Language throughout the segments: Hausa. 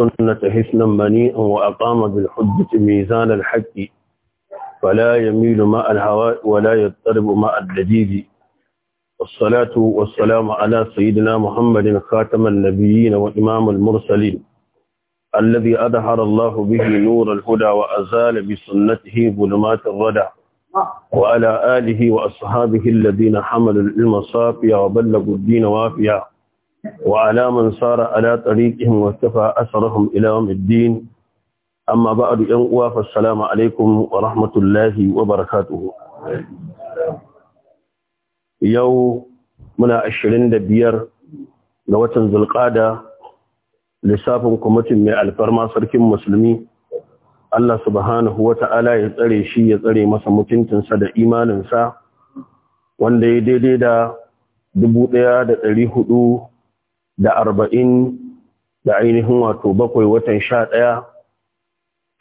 السنة حسنا منيئا وأقام بالحجة ميزان الحق فلا يميل ماء الهواء ولا يضطرب ماء الدجيج والصلاة والسلام على سيدنا محمد خاتم النبيين وإمام المرسلين الذي أظهر الله به نور الهدى وأزال بسنته ظلمات الردى وعلى آله وأصحابه الذين حملوا العلم صافيا وبلغوا الدين وافيا وعلى من صار على طريقهم واكتفى أثرهم إلى يوم الدين أما بعد ينقوى فالسلام عليكم ورحمة الله وبركاته يو منا عشرين دبير لوتن ذو القادة لسافن كمتن من الفرما سركم مسلمي Allah subhanahu wa ta'ala ya tsare shi ya tsare masa mutuntunsa da imaninsa wanda ya daidai da dubu ɗaya da ɗari hudu da arba'in da ainihin wato bakwai watan sha ɗaya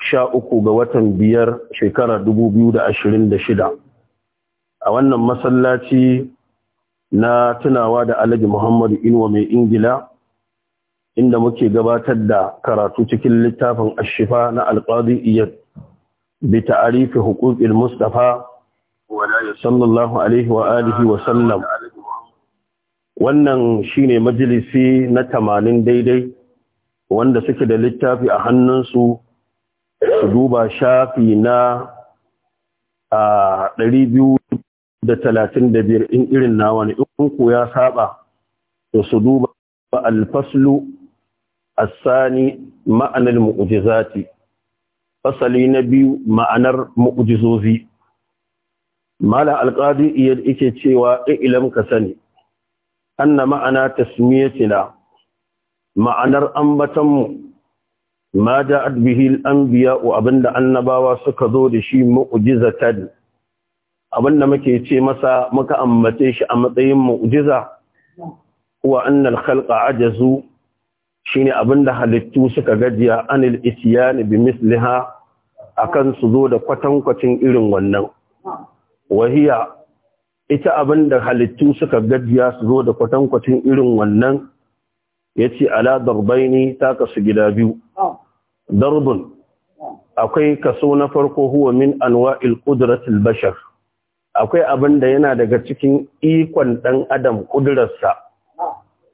sha uku ga watan biyar shekara dubu biyu da ashirin da shida a wannan masallaci na tunawa da alhaji muhammadu inuwa mai ingila inda muke gabatar da karatu cikin littafin ashifa na alƙadi iya bi ta'arifi huquqil Mustapha sallallahu alaihi wa alihi wa sallam wannan shine majalisi na tamanin daidai wanda suke da littafi a hannunsu su duba shafi na a biyar in irin na wani in ku ya saba to su duba alfaslu asani ma'anar mu'ujizati fasali na biyu ma'anar mu'ujizozi malam alƙadi iya ike cewa ilam ka sani anna ma'ana tasmiyatina ma'anar ambatanmu ma ja'at bihi al-anbiya wa abinda annabawa suka zo da shi mu'jizatan abinda muke ce masa muka ambace shi a matsayin mu'jiza wa anna al-khalqa ajazu shine abinda halittu suka gajiya anil ityan bi misliha akan su zo da kwatankwacin irin wannan wahiya ita abin da halittu suka gajiya su zo da kwatankwacin irin wannan ya ce ala darbai ne ta kasu gida biyu darbin akwai kaso na farko huwa min anwa'il qudratil bashar akwai abin da yana daga cikin ikon ɗan adam ƙudurarsa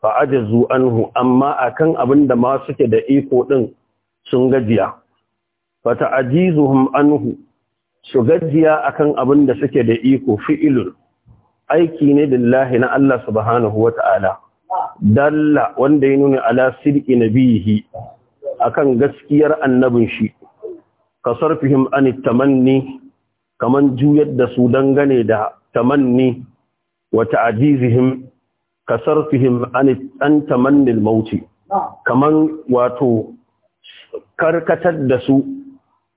fa ajazu anhu amma akan abin da ma suke da iko ɗin sun gajiya fata ta'jizuhum anhu su gajiya akan abin da suke da iko fi'ilun aiki ne lillahi na Allah subhanahu wa ta'ala, dalla wanda ya nuna ala sirki na biyihi a kan gaskiyar annabin shi, ka sarfihim an tamanni, kaman juyar da su dangane da tamanni wa ta'ajizihim ka sarfihim an tamannin mauti, kaman wato karkatar da su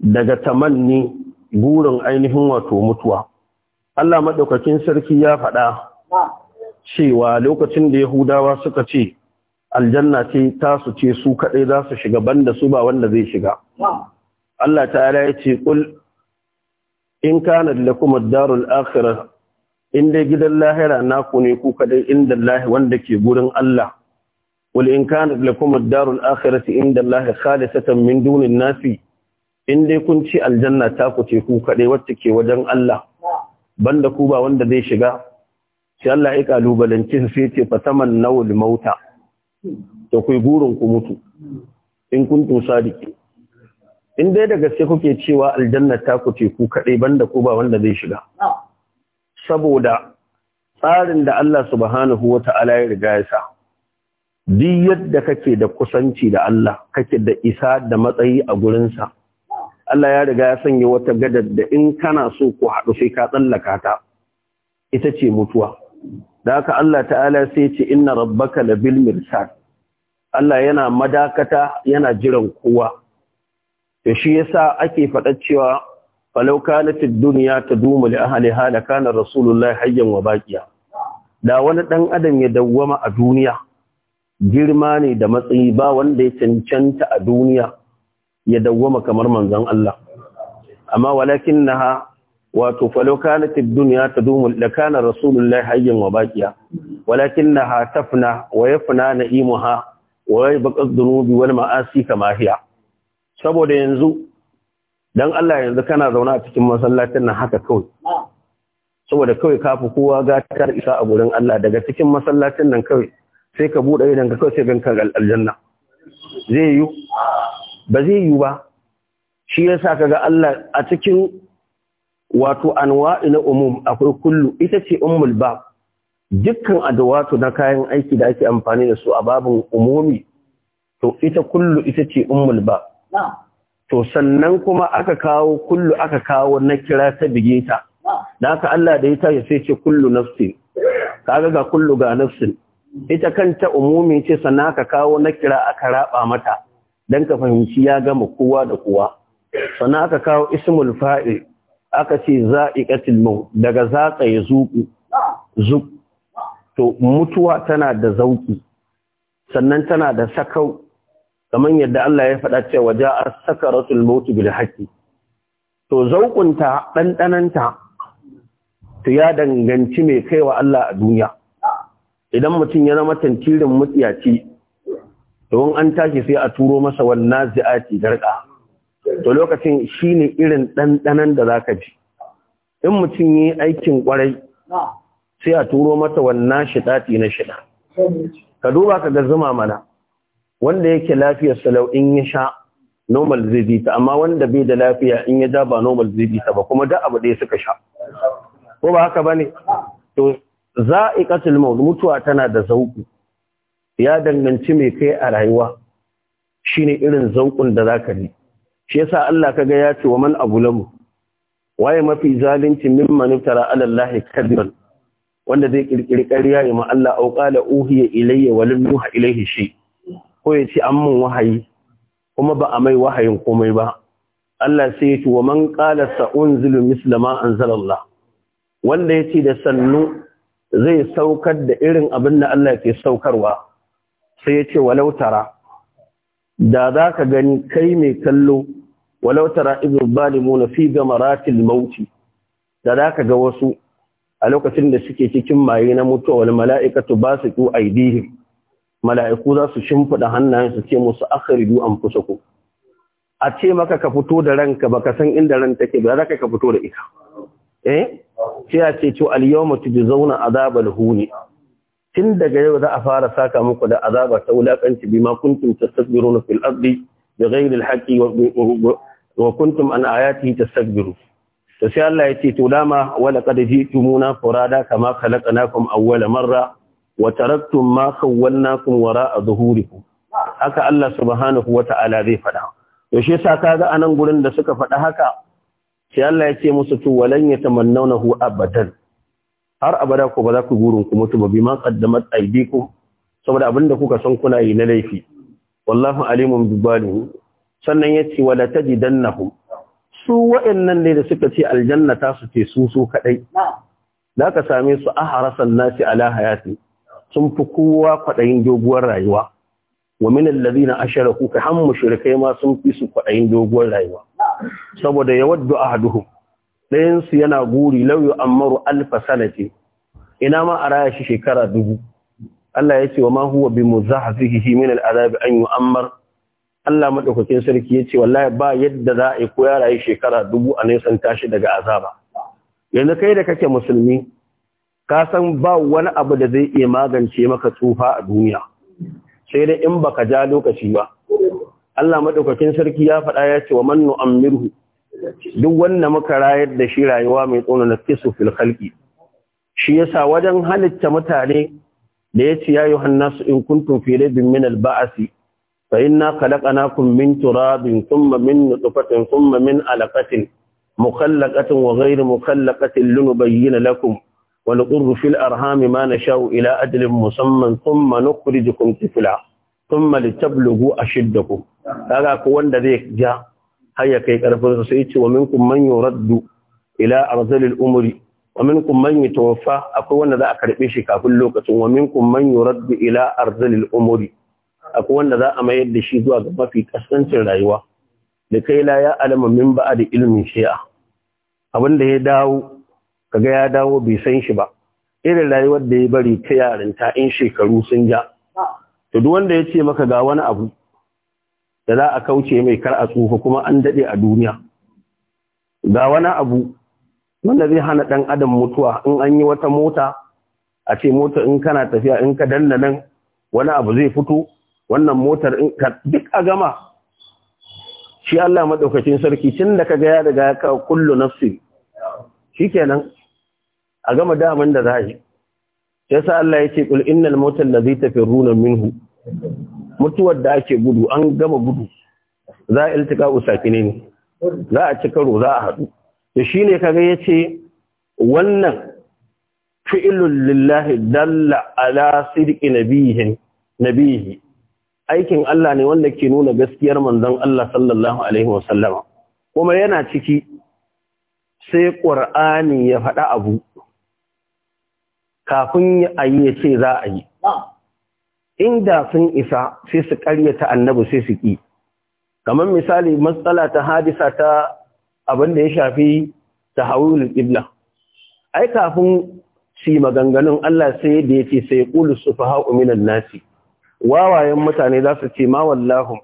daga tamanni burin ainihin wato mutuwa. Allah maɗaukakin sarki ya faɗa cewa lokacin da Yahudawa suka ce aljanna ce tasu ce su kaɗai za su shiga banda su ba wanda zai shiga. Allah ala ya ce Ƙul, in na da kuma darul akira, in dai gidan lahira naku ne ku kaɗai inda lahi wanda ke gurin Allah. Wal in na da kuma darul akhirah inda lahi khalisatan min dunin nasi in dai kun ci aljanna ta ku ce ku kaɗai wacce ke wajen Allah. banda ku ba wanda zai shiga shi Allah ya kalubalanci su sai ce fataman nawul mauta to kai gurin ku mutu in kuntum sadiki in dai da gaske kuke cewa aljanna ta ku ce ku kadai banda ku ba wanda zai shiga saboda tsarin da Allah subhanahu wata'ala ya riga ya sa duk yadda kake da kusanci da Allah kake da isa da matsayi a gurinsa Allah ya riga ya sanya wata gadar da in kana so ku haɗu sai ka tsallaka ta ita ce mutuwa da haka Allah ta'ala sai ce inna rabbaka labil mirsad Allah yana madakata yana jiran kowa da shi yasa ake faɗa cewa falau kanatid dunya dumu li ahli hala kana rasulullahi hayyan wa baqiya da wani dan adam ya dawwama a duniya girma ne da matsayi ba wanda ya cancanta a duniya ya dawwama kamar manzon Allah amma walakinnaha wato falau kanat ad-dunya tadumu la kana rasulullahi hayyan wa baqiya walakinnaha tafna wa yafna na'imuha wa yabqa ad-dunubi wal ma'asi kama hiya saboda yanzu dan Allah yanzu kana zauna a cikin masallacin nan haka kawai saboda kawai kafi kowa gata da isa a gurin Allah daga cikin masallacin nan kawai sai ka bude idan ka kawai sai ganka aljanna zai yi ba zai yi ba shi yasa kaga Allah a cikin wato anwa'i na umum akwai kullu ita ce ummul bab dukkan adawatu na kayan aiki da ake amfani da su a babin umumi to ita kullu ita ce ummul bab to sannan kuma aka kawo kullu aka kawo na kira ta bige ta da haka Allah da ita sai ce kullu nafsi kaga ga kullu ga nafsin ita kanta umumi ce sannan aka kawo na kira aka raba mata dan ka fahimci ya gama kowa da kowa sannan aka kawo ismul fa'il aka ce za'iqatul maut daga zaqa ya zuku to mutuwa tana da zauki sannan tana da sakau kamar yadda Allah ya faɗa cewa ja'a sakaratul maut bil haqqi to ta ɗanɗananta to ya danganci mai kaiwa Allah a duniya idan mutum ya zama tantirin mutiyaci domin an tashi sai a turo masa wannan zi'ati garka to lokacin shine irin ɗanɗanan da za ka ji in mutum yi aikin kwarai sai a turo masa wannan shiɗati na shida ka duba ka ga zuma mana wanda yake lafiyar salau in ya sha normal zai ta amma wanda bai da lafiya in ya ja ba normal zai ta ba kuma da abu ɗaya suka sha ko ba haka bane to za'iqatul maut mutuwa tana da zauku ya danganci mai kai a rayuwa shine irin zaukun da zaka ji shi yasa Allah kaga ya ce wa man abulamu waye mafi zalunci mimman tara ala Allah kadiban wanda zai kirkiri ƙarya ya ma Allah au qala uhiya ilayya wa lam yuha ilayhi shi ko ya an mun wahayi kuma ba a mai wahayin komai ba Allah sai ya ce wa man qala sa unzilu misla ma anzalallah wanda ya ce da sannu zai saukar da irin abin da Allah ke saukarwa sai ya ce walautara da za ka gani kai mai kallo walautara tara izin balimu na fi gama ratil mauti da za ka ga wasu a lokacin da suke cikin maye na mutuwa mala'ika mala'ikatu ba su ku aidihi mala'iku za su shimfiɗa hannayen su ce musu kusa ku a ce maka ka fito da ranka baka san inda ran take ba za ka ka fito da ita eh sai a ce to al yawma tujzauna azabal huni tun daga yau za a fara saka muku da azaba ta wulakanci bima kuntum tastakbiruna fil ardi bighayri al-haqqi wa kuntum an ayatihi tastakbiru to sai Allah ya ce to dama wa laqad jitumuna furada kama khalaqnakum awwala marra wa taraktum ma khawwalnakum wara'a zuhurikum haka Allah subhanahu wata'ala zai faɗa to shi yasa kaga anan gurin da suka faɗa haka sai Allah ya ce musu to walan yatamannawnahu abadan har abada ku ba za ku gurin ku mutu ba bi ma qaddamat aydikum saboda abinda kuka san kuna yi na laifi wallahu alimun bi sannan yace wala tajidannahum su wa'annan ne da suka ce aljanna ta su ce su su kadai za ka same su Aharasan nasi ala hayati sun fi kowa kwaɗayin doguwar rayuwa wa min alladhina asharaku ka ham mushrikai ma sun fi su kwaɗayin doguwar rayuwa saboda yawaddu ahaduhum ɗayansu yana guri lauyu ammaru alfa sanati ina ma a raya shi shekara dubu Allah ya ce wa ma huwa bi hihi min al'adabi an yu'ammar Allah madaukakin sarki yace wallahi ba yadda za a yi ko ya rayu shekara dubu a nisan tashi daga azaba yanzu kai da kake musulmi ka san ba wani abu da zai iya magance maka tsufa a duniya sai dai in baka ja lokaci ba Allah maɗaukakin sarki ya faɗa ya ce wa man nu'ammirhu duk wanda muka rayar da shi rayuwa mai tsona na kisu fil khalqi shi yasa wajen halitta mutane da yace ya yuhannas in kuntum fi raibin min al ba'si fa inna khalaqnakum min turabin thumma min nutfatin thumma min alaqatin mukhallaqatin wa ghayri mukhallaqatin linubayyana lakum wa nuqru fil arhami ma nashau ila ajalin musamman thumma nukhrijukum tifla thumma litablugu ashiddakum kaga ko wanda zai ja har ya kai karfin sai ce wa minkum man yuraddu ila arzalil umri wa minkum man yatawaffa akwai wanda za a karbe shi kafin lokacin wa minkum man yuraddu ila arzalil umri akwai wanda za a mayar da shi zuwa ga mafi kasancin rayuwa da kai la ya alama min ba'a da ilmin shi'a abin da ya dawo kaga ya dawo bai san shi ba irin rayuwar da ya bari ta yaranta in shekaru sun ja to duk wanda ya ce maka ga wani abu da za a kauce mai kar a tsufa kuma an daɗe a duniya ga wani abu wanda zai hana ɗan adam mutuwa in an yi wata mota a ce mota in kana tafiya in ka danna nan wani abu zai fito wannan motar in ka duk a gama shi Allah madaukakin sarki tun da ka gaya ya daga ya kawo kullu nafsi shikenan a gama daman da za a yi sai sa Allah ya ce qul innal mautal ladhi tafiruna minhu mutuwar da ake gudu an gama gudu za a iltika usakine ne za a ci karo za a haɗu da shi ne kaga ya ce wannan fi'ilun lillahi dalla ala nabihi aikin Allah ne wanda ke nuna gaskiyar manzon Allah sallallahu alaihi wasallama kuma yana ciki sai ƙur'ani ya faɗa abu kafin a yi ya ce za a yi inda sun isa sai su ta annabi sai su ki kamar misali matsala ta hadisa ta abin da ya shafi ta hawulul ibla. ai kafin shi maganganun Allah sai da yace sai qulu sufaha'u minan nasi wawayen mutane za su ce ma wallahu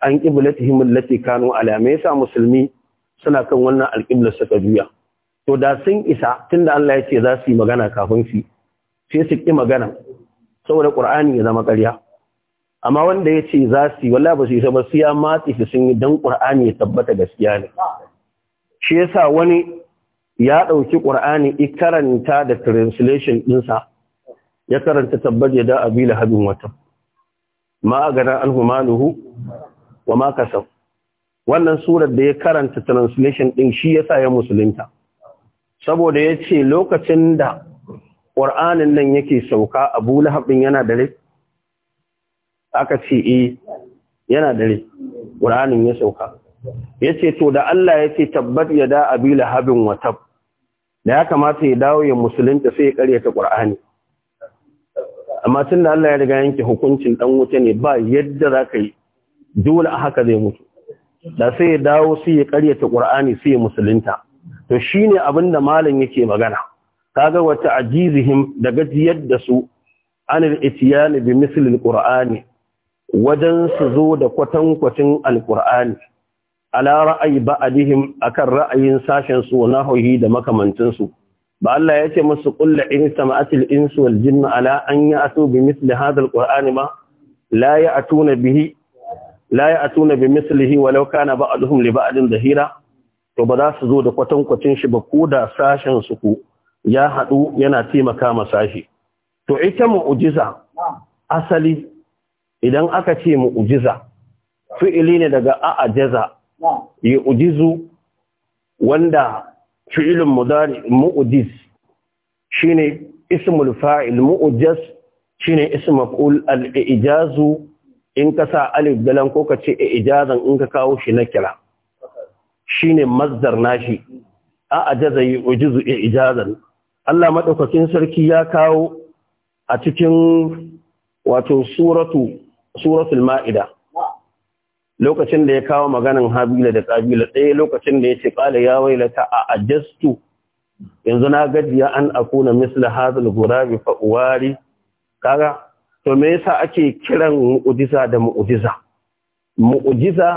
an qiblatihim allati kanu ala me yasa musulmi suna kan wannan alqibla suka juya to da sun isa tunda Allah yace za su yi magana kafin shi sai su ki magana saboda ƙur'ani ya zama ƙarya amma wanda ya ce za su yi ba su yi ba su ya matsi su sun yi don ƙur'ani ya tabbata gaskiya ne shi yasa wani ya ɗauki ƙur'ani i karanta da translation ɗinsa ya karanta tabbaje da abila habin wata ma a ganin alhumanuhu wa ma wannan surar da ya karanta translation ɗin shi yasa ya musulunta saboda ya ce lokacin da ƙur'anin nan yake sauka abu lahabin yana dare? aka ce e yana dare ya sauka ya ce to da Allah ya ce tabbat ya da abi lahabin watab da ya kamata ya dawo ya musulunta sai ya karyata ƙur'ani amma tun da Allah ya riga yanke hukuncin ɗan wuce ne ba yadda za ka yi dole a haka zai mutu da sai ya dawo sai ya karyata ƙur'ani sai ya musulunta to shine abinda da malam yake magana kaga wata ajizihim da gajiyar da su anil itiyani bi mislil qur'ani wajen su zo da kwatankwacin alqur'ani ala ra'ayi ba'dihim akan ra'ayin sashen su na hauhi da makamantin su ba Allah ya ce musu qul in sama'atil insu wal jinnu ala an ya'tu bi misli hadha alqur'ani ma la ya'tuna bihi la ya'tuna bi mislihi walau kana ba'duhum li ba'din dhahira to ba za su zo da kwatankwacin shi ba ko da sashen su ku ya haɗu yana taimaka masa shi to ita mu'jiza asali idan aka ce mu'jiza fi'ili ne daga a'ajaza ya ujizu wanda fi'ilin mudari mu'jiz shine ismul fa'il mu'jaz shine ismul maf'ul al-ijazu in ka sa alif dalan ko ka ce ijazan in ka kawo shi na kira shine masdar nashi a'ajaza yi ujizu ijazan Allah maɗaukakin sarki ya kawo a cikin wato suratu suratul ma'ida lokacin da ya kawo maganin habila da kabila ɗaya lokacin da ya ce ƙala ya wailata a ajastu yanzu na gajiya an akuna misla hazal gurabi fa uwari kaga to me yasa ake kiran mu'jiza da mu'jiza mu'jiza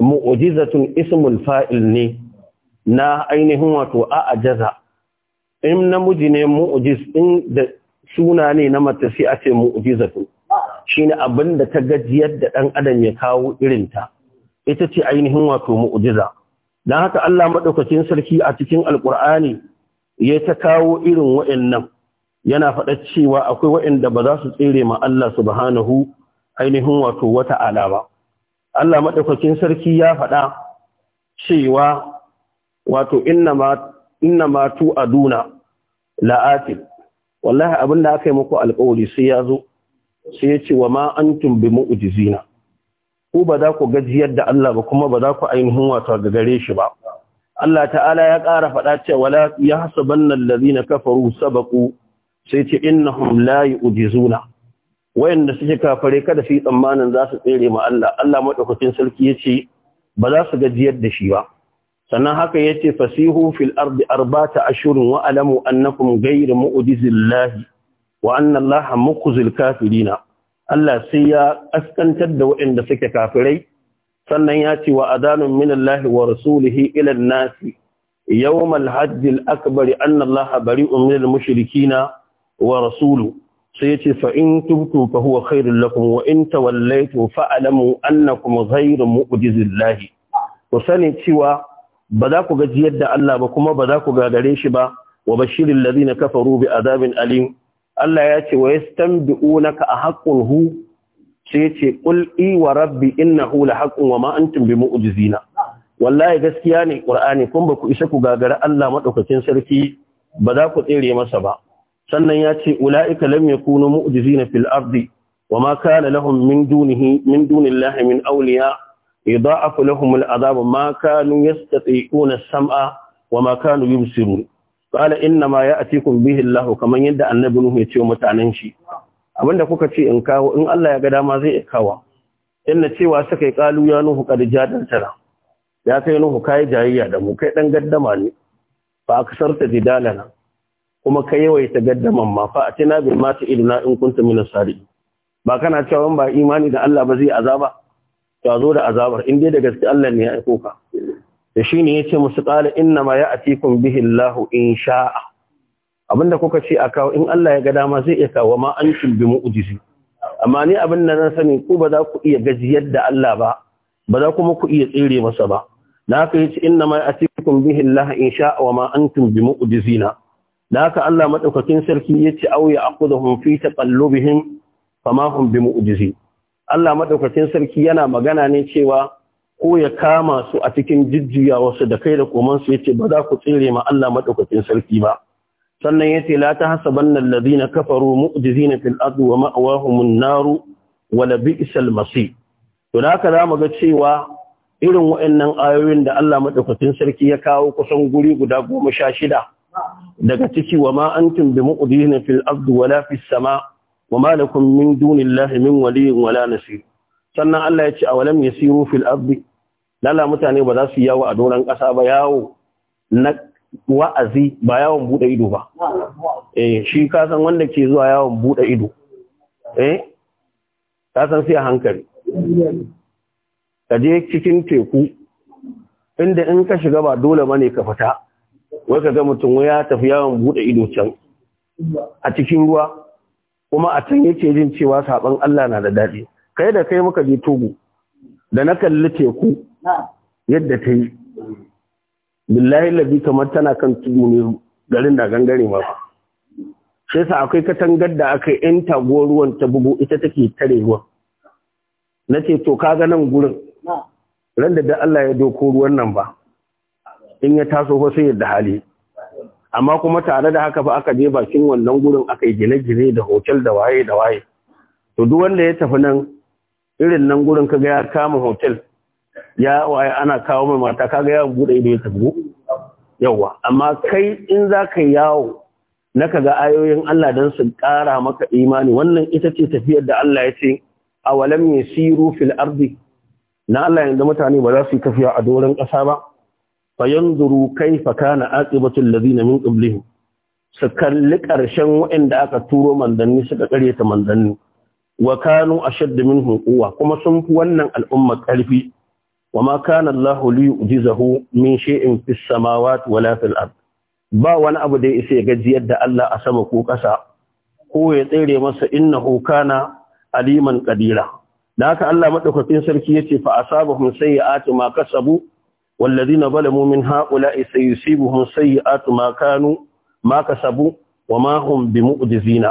mu'jizatun ismul fa'il ne na ainihin wato a ajaza in namiji ne mu'jiz in da suna ne na mata sai a ce mu'jizatu shine abin da ta gajiyar da dan adam ya kawo irin ta ita ce ainihin wato mu'jiza dan haka Allah madaukakin sarki a cikin alqur'ani ya ta kawo irin wa'annan yana faɗa cewa akwai wa'anda ba za su tsere ma Allah subhanahu ainihin wato wata'ala ba Allah madaukakin sarki ya faɗa cewa wato inna ma inna ma tu aduna la'atin wallahi abin da aka yi muku alƙawari sai ya zo sai ya ce wa ma antum bi mu'jizina ku ba za ku gajiyar da Allah ba kuma ba za ku ainihin wato ga gare shi ba Allah ta'ala ya ƙara faɗa cewa wala yahsabanna allazina kafaru sabaqu sai ce innahum la yu'jizuna wayanda suke kafare kada su yi tsammanin za su tsere ma Allah Allah madaukakin sarki yace ba za su gajiyar da shi ba sannan haka ya ce fasihu fil arbi arbata ashirin wa alamu annakum gairi ma'udizillahi wa annallaha mukuzil kafirina Allah sai ya ƙaskantar da waɗanda suke kafirai sannan ya ce wa adanun minallahi wa rasulihi ilan nasi yawon alhajjil akabari annallaha bari umar mashirikina wa rasulu sai ya ce fa’in tubtu fa huwa khairun wa in tawallaitu fa’alamu annakum ghairu mu’ujizillahi ku sani cewa ba za ku gaji yadda Allah ba kuma ba za ku gagare shi ba wa bashirin na kafa rubi azabin alim Allah ya ce wa naka a haqqun hu sai ya ce wa rabbi innahu la haqqun wa ma antum bi mu'jizina wallahi gaskiya ne qur'ani kun ba ku isa ku gagari Allah maɗaukacin sarki ba za ku tsere masa ba sannan ya ce ula'ika lam yakunu mu'jizina fil ardi wa ma kana lahum min dunihi min dunillahi min awliya يضاعف لهم العذاب ما كانوا يستطيعون السمع وما كانوا يبصرون قال انما ياتيكم به الله kaman yadda annabi nuhu yace mutanen shi abinda kuka ce in kawo in Allah ya ga dama zai kawa inna cewa suka yi kalu ya nuhu kad ya kai nuhu kai jayayya da mu kai dan gaddama ne fa aksarta didalana kuma kai yawaita gaddaman ma fa atina bil mata idna in kunta min as ba kana cewa ba imani da Allah ba zai azaba ta zo da azabar in dai da gaske Allah ne ya aiko ka da shi yace musu qala inna ma ya'tikum bihi Allah in sha'a abinda kuka ce a kawo in Allah ya ga dama zai iya kawo ma antum bi mu'jizi amma ni abin da na sani ku ba za ku iya gajiyar da Allah ba ba za kuma ku iya tsire masa ba na haka yace inna ma ya'tikum bihi Allah in sha'a wa ma antum bi mu'jizina da haka Allah madaukakin sarki yace au ya aqudhum fi taqallubihim fama hum bi mu'jizina Allah maɗaukacin sarki yana magana ne cewa ko ya kama su a cikin jujjuya wasu da kai da koman su ce ba za ku tsire ma Allah madaukakin sarki ba sannan ya ce la tahsabanna alladhina kafaru mu'jizina fil ardi wa ma'wahumun naru wa la bi'sal to da haka zamu ga cewa irin waɗannan ayoyin da Allah madaukakin sarki ya kawo kusan guri guda goma sha shida. daga ciki wa ma antum bi mu'jizina fil ardi wa la fis sama' wa malakum min dunillahi min waliyyin wala nasir sannan Allah ya ce a walam yasiru fil ardi Lalla mutane ba za su yawo a doron ƙasa ba yawo na wa'azi ba yawon buɗe ido ba eh shi ka san wanda ke zuwa yawon buɗe ido eh ka san sai a hankali ka je cikin teku inda in ka shiga ba dole bane ka fita wai ka ga mutum ya tafi yawon buɗe ido can a cikin ruwa kuma a can yake jin cewa saban Allah na da daɗi kai da kai muka je togo da na kalli teku yadda ta yi billahi labi kamar tana kan tugu ne garin da gangare ma sai sa akwai katangar da aka yi ta ruwan ta bugu ita take tare ruwan na ce to ga nan gurin ran da Allah ya doko ruwan nan ba in ya taso ko sai yadda hali amma kuma tare da haka fa aka je bakin wannan gurin aka yi gine-gine da hotel da waye da waye to duk wanda ya tafi nan irin nan gurin kaga ya kama hotel ya waye ana kawo mai mata kaga ya bude ido ya tafi yawa amma kai in za ka yawo na ga ayoyin Allah don su kara maka imani wannan ita ce tafiyar da Allah ya ce a walam yasiru fil ardi na Allah yanzu mutane ba za su yi tafiya a doron ƙasa ba fayanzuru kaifa kana aqibatu alladhina min qablihim su kalli ƙarshen waɗanda aka turo manzanni suka ta manzanni wa kanu ashadda minhum quwwa kuma sun fi wannan al'umma ƙarfi wa ma kana Allah li yu'jizahu min shay'in fis samawati wala fil ard ba wani abu da ya gajiyar da Allah a sama ko ƙasa ko ya tsere masa innahu kana aliman qadira da haka Allah madaukakin sarki yace fa asabahum sayyi'atu ma kasabu والذين ظلموا من هؤلاء سيصيبهم سيئات ما كانوا ما كسبوا وما هم بمؤجزين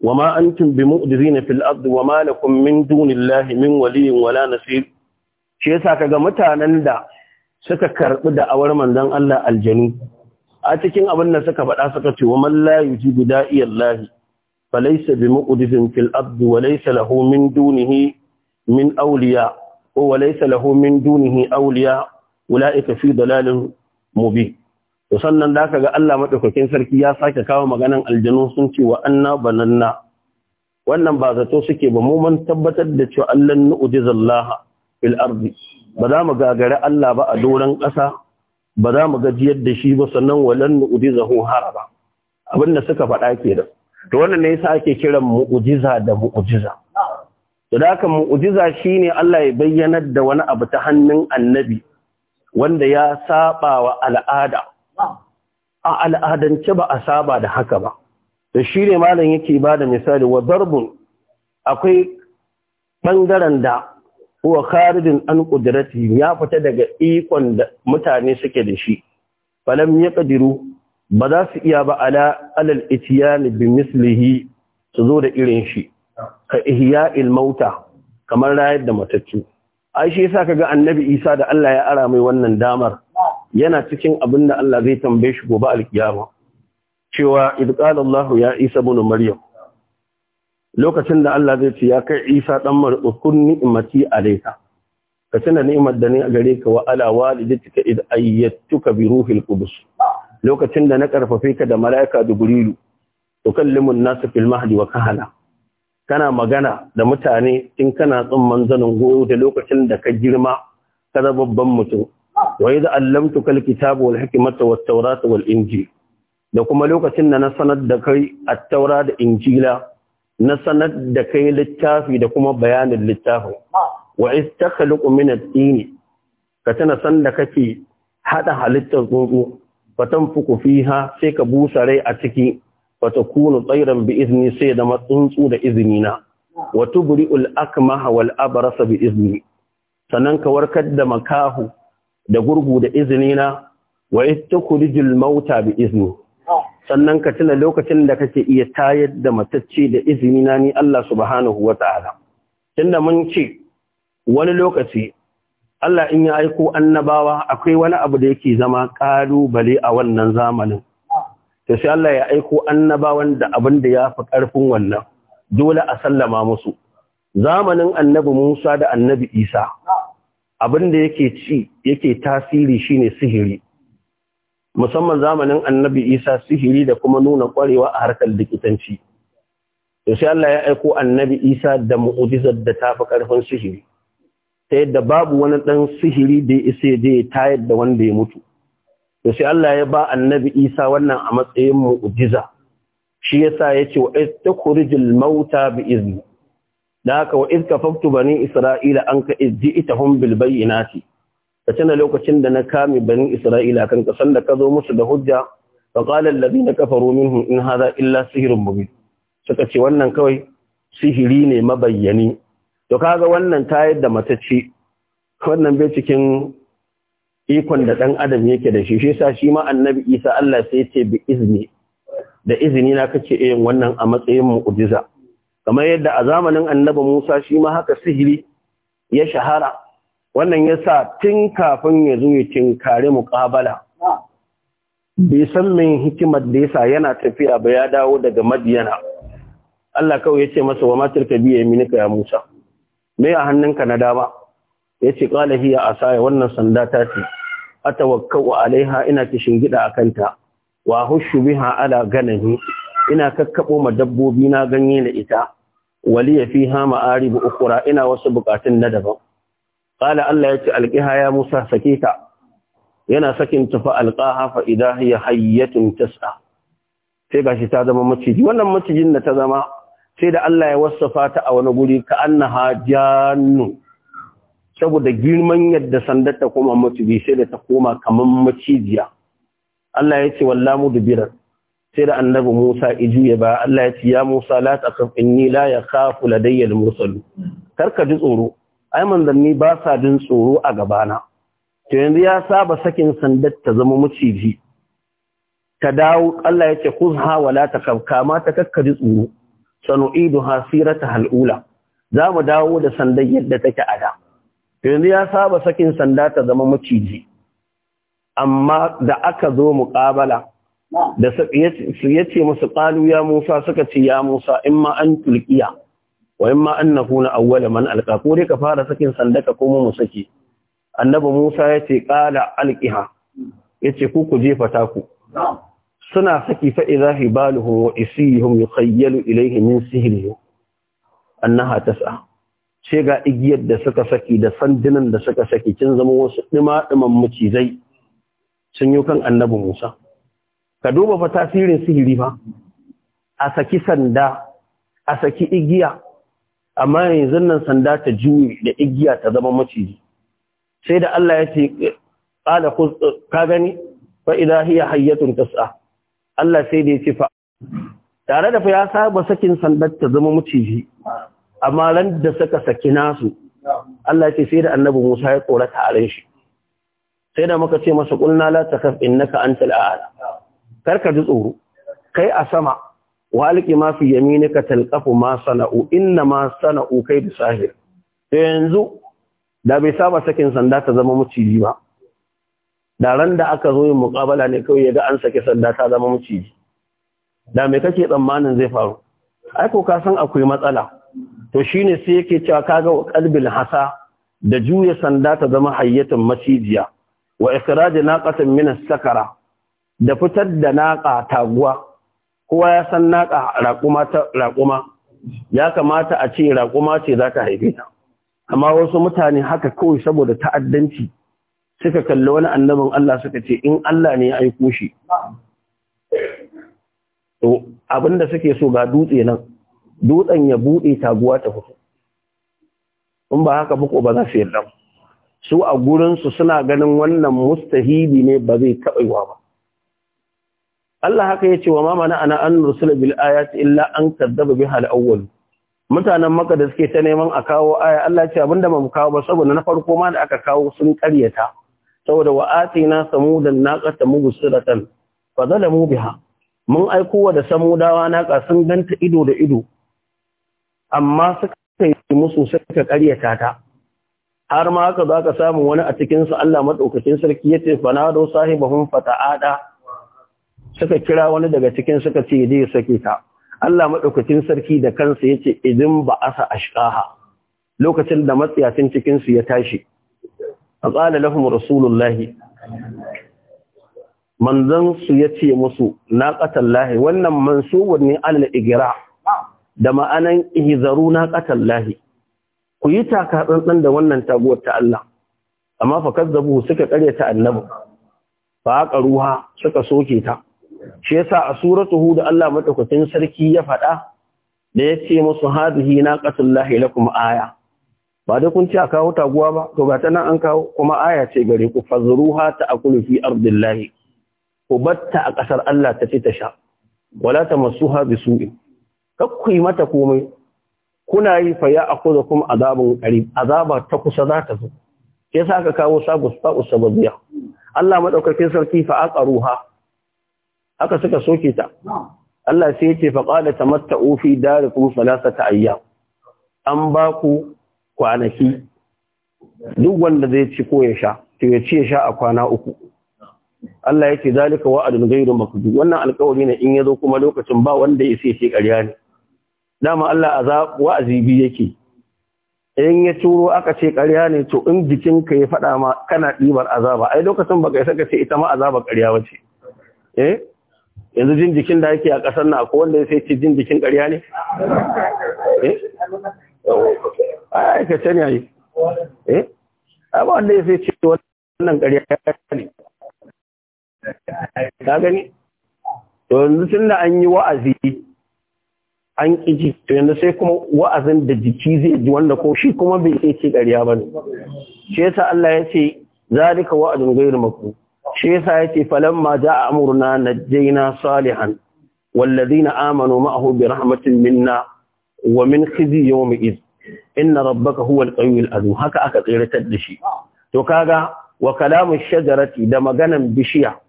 وما أنتم بمؤجزين في الأرض وما لكم من دون الله من ولي ولا نصير shi yasa kaga mutanen da suka karbi da awar manzon Allah aljanu a cikin abin da suka faɗa suka ce wa man la yujibu da'i Allah falaysa bimuqdifin fil ard wa laysa lahu min dunihi min awliya wa laysa lahu min dunihi awliya ulaika fi dalalin mubi to sannan da kaga ga Allah madaukakin sarki ya sake kawo maganan aljanu sun ce wa anna bananna wannan ba zato suke ba mu mun tabbatar da cewa Allah nu'jizallaha fil ardi ba za mu gagare Allah ba a doron ƙasa ba za mu gajiyar da shi ba sannan walan nu'jizahu haraba abin da suka faɗa ke da to wannan ne yasa ake kiran mu'jiza da mu'jiza to da haka mu'jiza shine Allah ya bayyanar da wani abu ta hannun annabi wanda ya saba wa al'ada a al'adance ba a saba da haka ba da shi ne malam yake ba da misali wa darbun akwai ɓangaren da huwa kharijin an ƙudirati ya fita daga ikon da mutane suke da shi falam ya ƙadiru ba za su iya ba ala alal itiyani bi mislihi su zo da irin shi ka ihya mauta kamar rayar da matattu ai sa ka ga annabi Isa da Allah ya ara mai wannan damar yana cikin abin da Allah zai tambaye shi gobe alkiyama cewa idh Allah ya Isa ibn Maryam lokacin da Allah zai ce ya kai Isa dan Maryam kun a alayka ka tuna ni'imar da ni a gare ka wa ala walidatika id ayyatuka bi ruhil qudus lokacin da na karfafe ka da mala'ika jibrilu tukallimu an-nas fil mahdi wa kahala kana magana da mutane in kana tsin manzanin goyo da lokacin da ka girma ka babban mutum wa idza allamtuka alkitaba wal hikmata wat tawrata wal injil da kuma lokacin da na sanar da kai at-taura da injila na sanar da kai littafi da kuma bayanin littafi, wa istakhluqu min at-tin ka tana san da kake hada halittar tsuntsu fatan fuku fiha sai ka busa rai a ciki wa takunu tsairan bi izni sai da matsuntsu da izini na wa tubri'ul akmaha wal abrasa bi izni sannan ka warkar da makahu da gurgu da izini na wa ittakulijul mauta bi izini sannan ka tuna lokacin da kake iya tayar da matacce da izini na ni Allah subhanahu wa ta'ala tunda mun ce wani lokaci Allah in ya aiko annabawa akwai wani abu da yake zama ƙalubale a wannan zamanin to sai Allah ya aiko annabawan da abin da ya fi ƙarfin wannan dole a sallama musu zamanin annabi Musa da annabi Isa abin da yake ci yake tasiri shine sihiri musamman zamanin annabi Isa sihiri da kuma nuna ƙwarewa a harkar likitanci to sai Allah ya aiko annabi Isa da mu'jizar da ta fi ƙarfin sihiri ta yadda babu wani ɗan sihiri da ya isa ya je ya tayar da wanda ya mutu to sai Allah ya ba annabi Isa wannan a matsayin mu'jiza shi yasa yace wa istakhrijul mauta bi izni da haka wa iz kafaftu bani isra'ila an ka izji'tahum bil bayyinati ka tana lokacin da na kame bani isra'ila kan kasan da ka zo musu da hujja fa qala alladhina kafaru minhum in hadha illa sihrun mubin suka ce wannan kawai sihiri ne mabayyani to kaga wannan ta yadda matacce wannan bai cikin ikon da ɗan adam yake da shi shi sa shi ma annabi isa Allah sai ce bi izini da izini na kace yin eh wannan a matsayin mu'jiza kamar yadda a zamanin annabi Musa shi ma haka sihiri ya shahara wannan ya sa tun kafin ya zo ya mu ƙabala. bai san min hikimar da yasa yana tafiya ba ya dawo daga Madiyana Allah kawai ya ce masa wa matirka biye minika ya Musa me a hannunka na dama yace qala hiya asaya wannan sanda ta ce atawakkau alaiha ina kishingida kanta wa hushu biha ala ganani ina kakkaɓo ma dabbobi na ganye da ita ya fi ha ma'ari ma'arib ukura ina wasu bukatun na daban ƙala Allah ya ce alƙiha ya Musa ta. yana sakin tufa alƙaha fa idha hiya hayyatun tas'a sai gashi ta zama maciji wannan macijin da ta zama sai da Allah ya wasu fata a wani guri ka annaha jannu saboda girman yadda sandar ta koma maciji sai da ta koma kamar macijiya Allah ya ce wallamu birar sai da annabi Musa iju ya ba Allah ya ce ya Musa la taqaf inni la yakhafu ladayya al-mursalu karka ji tsoro ai manzanni ba sa jin tsoro a gabana to yanzu ya saba sakin sandar ta zama maciji ta dawo Allah ya ce ha wala ta taqaf kama ta karka ji tsoro sanu'idu hasirata hal'ula za mu dawo da sandar yadda take a da yanzu ya saba sakin sanda ta zama maciji amma da aka zo muƙabala da ya ce musu ƙalu ya musa suka ce ya musa in ma an tulkiya wa in ma an na kuna awwala man alƙa ko dai ka fara sakin sanda ka koma mu saki annabi musa ya ce ƙala alƙiha ya ce ku ku jefa taku suna saki fa'iza hibaluhum wa isihum yukhayyalu ilayhi min yau, annaha tas'a sai ga igiyar da suka saki da sandunan da suka saki kin zama wasu ɗima-ɗiman macizai sun yi kan annabi Musa. Ka duba fa tasirin sihiri ba, a saki sanda, a saki igiya, amma yanzu nan sanda ta juye da igiya ta zama maciji. Sai da Allah ya ce, ƙada ka gani, fa'ida hiya hayyatun tas'a. Allah sai da ya ce fa, tare da fa ya saba sakin sandar ta zama maciji. amma ran da suka saki nasu Allah ce sai da annabi Musa ya kora a shi sai da muka ce masa qulna la takaf innaka antal a'la karka ji tsoro kai a sama wa alqi ma fi yaminika talqafu ma sana'u inna ma sana'u kai bi sahir to yanzu da bai saba sakin sanda ta zama muciji ba da ran da aka zo yin muƙabala ne kawai ya ga an saki sanda ta zama muciji da me kake tsammanin zai faru ai ko ka san akwai matsala to shine sai yake cewa kaga wa ƙalbin hasa da juya sanda ta zama hayyatan masijiya wa ikhraj naqatan min as-sakara da fitar da naqa taguwa kowa ya san naqa raquma ta raquma ya kamata a ce raquma ce za ta haife ta amma wasu mutane haka kawai saboda ta'addanci suka kalli wani annabin Allah suka ce in Allah ne ya aiko shi to abinda suke so ga dutse nan dutsen ya buɗe taguwa ta fito in ba haka ba ba za su yarda su a gurinsu suna ganin wannan mustahibi ne ba zai taɓa yiwa ba Allah haka ya ce wa mamana ana an nursula bil ayat illa an kadzaba biha al-awwal mutanen maka da suke ta neman a kawo aya Allah ce abinda ba mu kawo ba saboda na farko ma da aka kawo sun karyata saboda wa atina samudan naqata mubsiratan fa zalamu biha mun aiko wa da samudawa naqa sun ganta ido da ido amma suka yi musu suka karyata ta har ma haka za ka samu wani a cikinsu Allah maɗaukacin sarki ya ce fanado sahibahun fata'ada suka kira wani daga cikin suka ce ya sake ta Allah maɗaukacin sarki da kansa ya ce idin ba asa ashqaha lokacin da matsiyacin cikinsu ya tashi a tsala lahum rasulullahi manzansu su ya ce musu na qatallahi wannan mansubun ne alal igra da ma'anan ihzaru na qatallahi ku yi taka tsantsan da wannan taguwar ta Allah amma fa kazzabu suka kare ta annabi fa ruha suka soke ta shi yasa a suratu da Allah madaukakin sarki ya faɗa da yace musu hadhihi na qatallahi lakum aya ba da kun ci a kawo taguwa ba to ga ta nan an kawo kuma aya ce gare ku fazruha akulu fi ardillahi ku batta a ƙasar Allah ta ce ta sha wala tamassuha bisu'i kakku mata komai kuna yi fa ya akuza kuma azabun qarib azaba ta kusa za ta zo ke sa aka kawo sabu sabu sabbiya Allah madaukakin sarki fa aqaruha aka suka soke ta Allah sai yace fa qala tamatta'u fi darikum salasata ayyam an ba ku kwanaki duk wanda zai ci ko ya sha to ya ci ya sha a kwana uku Allah yake zalika wa'adun ghayru makdud wannan alƙawari ne in zo kuma lokacin ba wanda ya sai shi ƙarya ne dama Allah azab wa'azi yake in ya turo aka ce ƙarya ne to in jikinka ya faɗa ma kana ɗibar azaba ai lokacin baka isa ka ce ita ma azaba ƙarya wace eh yanzu jin jikin da yake a ƙasar na akwai wanda ya sai ce jin jikin ƙarya ne eh ai ka ce ne ai eh ba wanda ya sai ce wannan ƙarya ne ka gani to yanzu tun da an yi wa'azi an ƙiji to yanzu sai kuma wa'azin da jiki zai ji wanda ko shi kuma bai sai ce ƙarya ba ne shi yasa Allah ya ce zalika wa'adun gairu maku shi yasa ya ce falamma ja'a amruna najjayna salihan wallazina amanu ma'ahu bi rahmatin minna wa min khizyi yawmi id inna rabbaka huwa al azu haka aka tsiratar da shi to kaga wa kalamu shajarati da maganan bishiya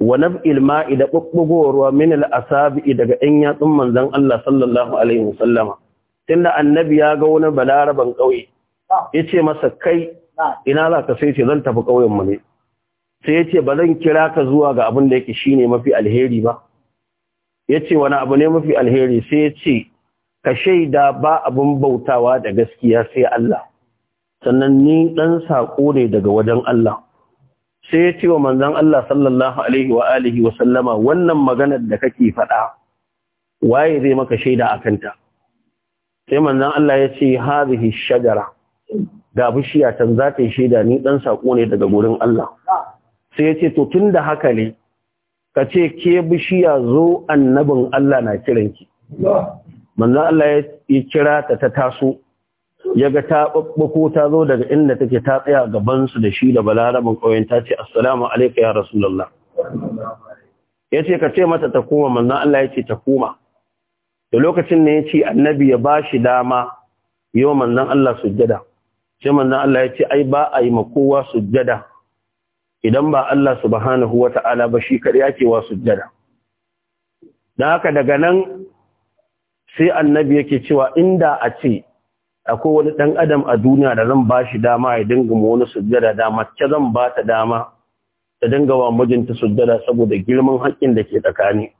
wa naf'il ma'i da bubbugo min al daga ɗan yatsun manzon Allah sallallahu alaihi wasallama tunda annabi ya ga wani balaraban kauye yace masa kai ina za ka sai ce zan tafi kauyen mu ne sai yace ba zan kira ka zuwa ga abin da yake shine mafi alheri ba yace wani abu ne mafi alheri sai yace ka shaida ba abin bautawa da gaskiya sai Allah sannan ni dan sako ne daga wajen Allah sai ya ce wa manzan Allah sallallahu alaihi wa alihi wa sallama wannan maganar da kake faɗa waye zai maka shaida a kanta? sai manzan Allah ya ce hazihi shajara ga bishiya can za ta yi shaida ni ɗan saƙo ne daga gurin Allah sai ya ce to tun da haka ne ka ce ke bishiya zo annabin Allah na kiranki Manzan Allah ya kira ta ta taso ya ga ta ɓaɓɓako ta zo daga inda take ta tsaya gabansu da shi da balarabin ƙauyen ta ce assalamu alaika ya rasulallah ya ce ka ce mata ta koma manzan Allah ya ce ta koma da lokacin ne ya ce annabi ya ba shi dama yi wa manzan Allah sujjada sai manzan Allah ya ce ai ba a yi ma kowa sujjada idan ba Allah subhanahu wa ta'ala ba shi kaɗai ake wa sujjada da haka daga nan sai annabi yake cewa inda a ce akwai wani ɗan adam a duniya da zan ba shi dama ya dinga ma wani sujjada dama ce zan ba ta dama ta dinga wa mijinta sujjada saboda girman haƙƙin da ke tsakani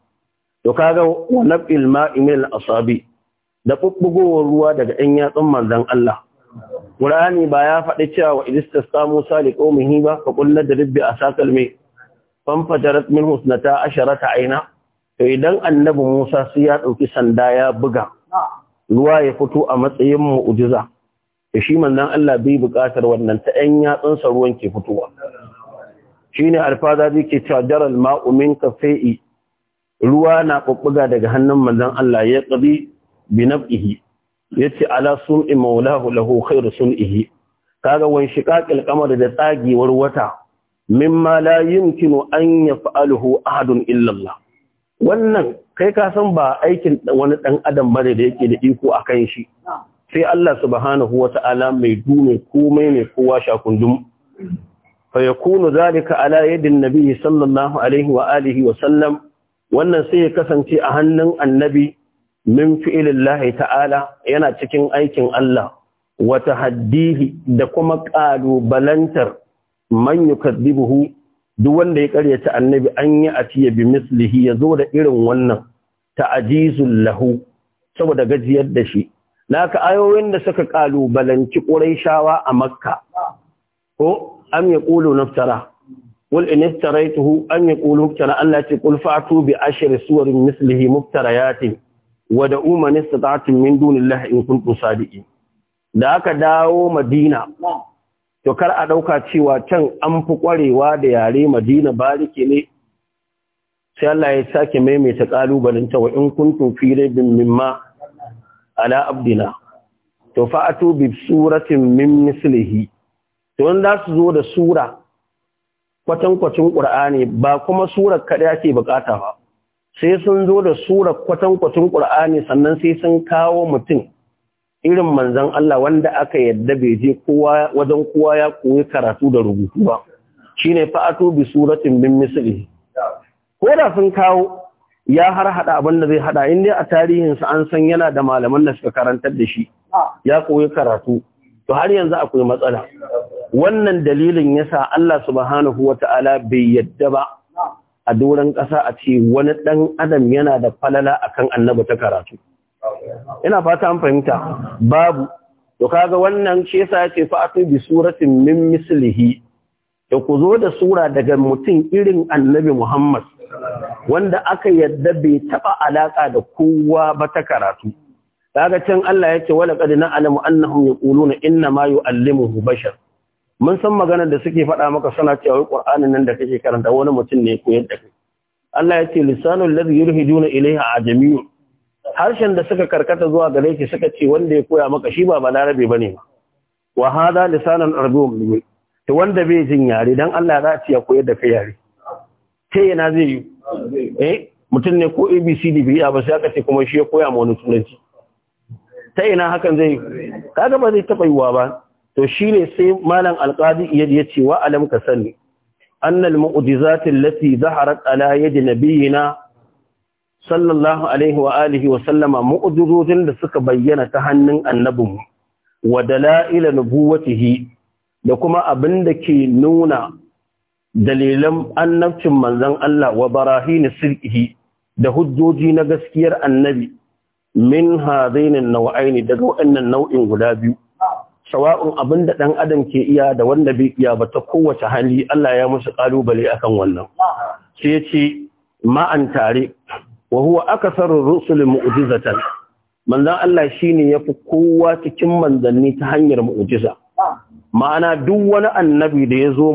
to kaga wa nafil ma'imil asabi da bubbugowar ruwa daga ɗan yatsun manzon Allah Qur'ani ba ya faɗi cewa wa idistasta Musa li qaumihi ba fa qulna dirbi asakal mai fajarat min husnata asharata aina to idan annabi Musa sai ya ɗauki sanda ya buga ruwa ya fito a matsayin mu'ujiza da shi manzon Allah bai buƙatar wannan ta ɗan yatsunsa ruwan ke fitowa shine alfaza ke cewa daral ma'umin kafei ruwa na bubbuga daga hannun manzon Allah ya qadi bi naf'ihi yace ala sun'i maulahu lahu khairu sun'ihi kaga wan shiqaqil qamar da tsagewar wata mimma la yumkinu an yaf'aluhu ahadun illa Allah wannan kai ka san ba aikin wani ɗan adam bane da yake da iko a kan shi sai Allah subhanahu wata'ala mai dune komai ne kowa shakundum fa yakunu zalika ala yadin nabiyyi sallallahu alaihi wa alihi wa sallam wannan sai ya kasance a hannun annabi min fi'ilillahi ta'ala yana cikin aikin Allah wa tahaddihi da kuma ƙalubalantar man yukadibuhu duk wanda ya karyata annabi an yi atiya bi mislihi ya zo da irin wannan ta'ajizul lahu saboda gajiyar da shi laka ayoyin da suka kalubalanci quraishawa a makka ko am yaqulu naftara qul in iftaraytuhu am yaqulu iftara Allah ce qul fa'tu bi ashri suwarin mislihi muftariyatin wa da'u man istata'tum min dunillahi in kuntum sadiqin da aka dawo madina to kar a ɗauka cewa can an fi ƙwarewa da yare madina bariki ne sai Allah ya sake maimaita ta wa in kuntum fi raibin mimma ala abdina to fa atu bi suratin min mislihi to in za su zo da sura kwatankwacin ƙur'ani ba kuma sura kaɗai ake bukata ba sai sun zo da surar kwatankwacin qur'ani sannan sai sun kawo mutum irin manzan Allah wanda aka yadda bai je kowa wajen kowa ya koyi karatu da rubutu ba shine fa'atu bi suratin bin misli ko da sun kawo ya har hada abin da zai hada in dai a tarihin an san yana da malaman da suka karantar da shi ya koyi karatu to har yanzu akwai matsala wannan dalilin yasa Allah subhanahu wata'ala bai yadda ba a doron ƙasa a ce wani ɗan adam yana da falala akan annabi ta karatu ina fata an fahimta babu to kaga wannan shi yasa yake fa atu bi suratin min mislihi to ku zo da sura daga mutum irin annabi Muhammad wanda aka yadda bai taba alaka da kowa ba ta karatu kaga can Allah yace wala qad na'lamu annahum yaquluna inna ma yu'allimuhu bashar mun san maganar da suke faɗa maka suna cewa Qur'anin nan da kake karanta wani mutum ne koyar da kai Allah yake lisanul ladhi yulhiduna ilayha ajamiyun harshen da suka karkata zuwa gare shi suka ce wanda ya koya maka shi ba balarabe bane wa hada lisanan ne to wanda bai jin yare dan Allah ya ci ya koyar da kai yare te yana zai yi eh mutum ne ko abcd bai ba sai aka ce kuma shi ya koya ma wani tunanci ta ina hakan zai kaga ba zai taba yiwa ba to shine sai malam alqadi ya ce wa alam ka sani annal mu'jizatil lati zaharat ala yadi nabiyina sallallahu alaihi wa alihi wa sallama da suka bayyana ta hannun annabinmu wa dala'ila nubuwatihi da kuma abin da ke nuna dalilan annabcin manzon Allah wa barahin sirqihi da hujjoji na gaskiyar annabi min hadainin nau'aini daga waɗannan nau'in guda biyu sawa'un abin da ɗan adam ke iya da wanda bai iya ba ta kowace hali Allah ya musu ƙalubale akan wannan sai ya ce ma'an tare wa huwa akasaru rusul mu'jizatan manzon Allah shine yafi kowa cikin manzanni ta hanyar mu'jiza ma'ana duk wani annabi da yazo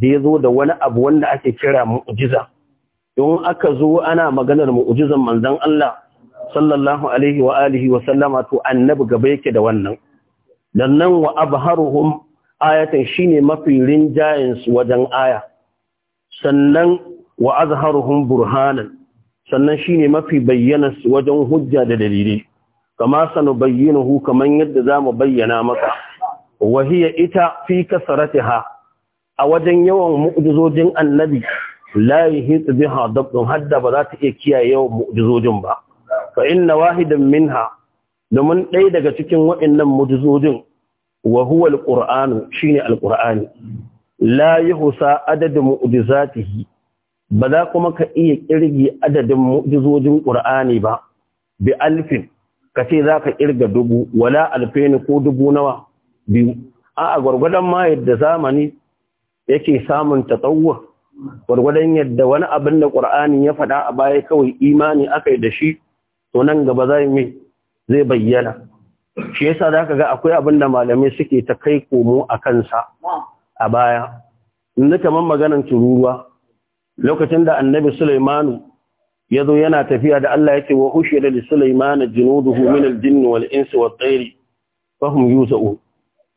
da yazo da wani abu wanda ake kira mu'jiza don aka zo ana maganar mu'jizan manzon Allah sallallahu alaihi wa alihi wa sallama to annabi gaba yake da wannan dan nan wa abharuhum ayatan shine mafi rinjayen su wajen aya sannan wa azharuhum burhanan sannan shi ne mafi bayyana wajen hujja da dalilai. kama sanu bayyinuhu kaman yadda za mu bayyana maka wahiya ita fi ha. a wajen yawan mu'jizojin annabi la yahitu biha dabdun hadda ba za ta iya kiyaye yawan mu'jizojin ba fa inna wahidan minha domin ɗaya daga cikin waɗannan mu'jizojin wa huwa alqur'anu shine alqur'ani la yahusa adadu mu'jizatihi ba za kuma ka iya kirgi adadin mu'jizojin Qur'ani ba bi alfin ka ce za ka kirga dubu wala alfaini ko dubu nawa biyu a gwargwadon ma yadda zamani yake samun tatawwa gwargwadon yadda wani abin da Qur'ani ya faɗa a baya kawai imani aka yi da shi to nan gaba zai mai zai bayyana shi yasa ka ga akwai abin da malamai suke ta kai komo a kansa a baya inda kamar maganan tururuwa lokacin da annabi Sulaimanu ya zo yana tafiya da Allah yake wa ushira li Sulaimana jinuduhu min al jinn wal insi wat tayri fahum yusau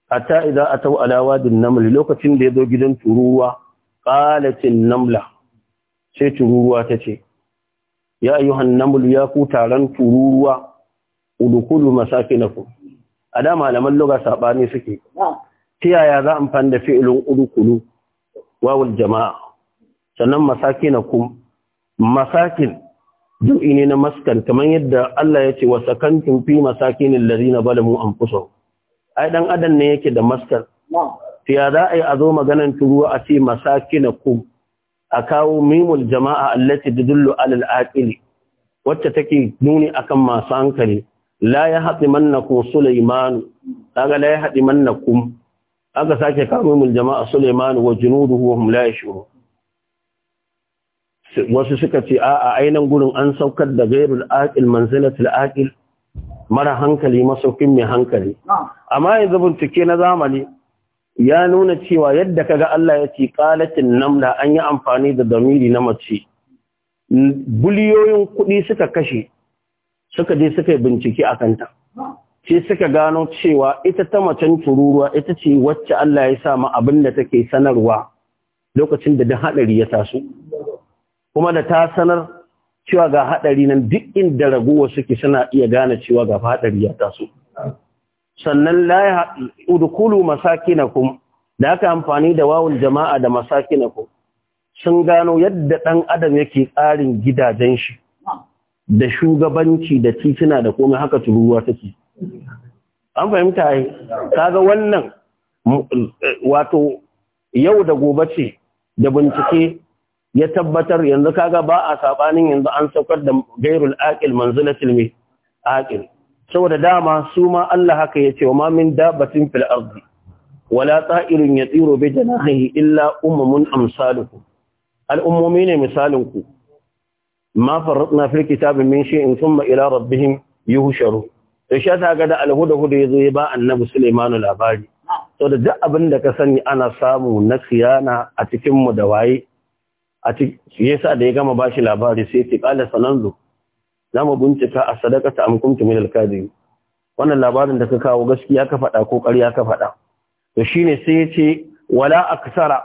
hatta idza ataw ala wadin naml lokacin da ya zo gidan turuwa qalatin namla sai turuwa tace ya ayyuhan naml ya ku taran turuwa udkhulu masakinakum ada malaman lugha sabani suke ta yaya za amfani da fi'ilin udkhulu wawul jama'a sannan Kum. masakin jam'i ne na maskan kamar yadda Allah ya ce wa sakantum fi masakinin ladina balamu anfusahum ai dan adam ne yake da maskan fiya za a yi a zo maganan turuwa a ce Kum a kawo mimul jama'a allati tadullu alal aqili wacce take nuni akan masu hankali la ya haɗi mannakun Suleimanu, kaga la ya haɗi mannakun, aka sake mimul jama'a Suleimanu wa junuduhu wa hum la wasu suka ce a'a ainihin gudun an saukar da gairul aqil manzilatul akil mara hankali masaukin mai hankali ah. amma yanzu bincike na zamani ya nuna cewa yadda ka ga Allah ya ce ƙalatin namla an yi amfani da damiri na mace buliyoyin kuɗi suka kashe suka je suka yi bincike a kanta ce ah. suka gano cewa ita ta macen tururuwa ita ce wacce Allah ya sa ma abin da take sanarwa lokacin da da haɗari ya taso kuma da ta sanar cewa ga haɗari nan duk inda raguwa suke suna iya gane cewa ga haɗari ya taso sannan la ya na masakinakum da aka amfani da wawul jama'a da masakinakum sun gano yadda ɗan adam yake ƙarin gidajen shi da shugabanci da titina da komai haka turuwa take an fahimta yi kaga wannan wato yau da gobe ce da bincike ya tabbatar yanzu kaga ba a sabanin yanzu an saukar da gairul aqil manzilatil mi aqil saboda dama su ma Allah haka yace wa ma min dabatin fil ardi wala ta'irun yatiru bi janahihi illa ummun amsalukum al ummumi ne misalin ku ma farratna fil kitabi min shay'in thumma ila rabbihim yuhsharu to ta ga da alhuda huda ya yazo ya ba annabi Sulaiman labari saboda duk abin da ka sani ana samu na siyana a cikin mu da waye a shi yasa da ya gama bashi labari sai ce qala sananzu mu bincika a ta a kuntum min al wannan labarin da ka kawo gaskiya ka faɗa ko ƙarya ka faɗa to shine sai ya ce wala aksara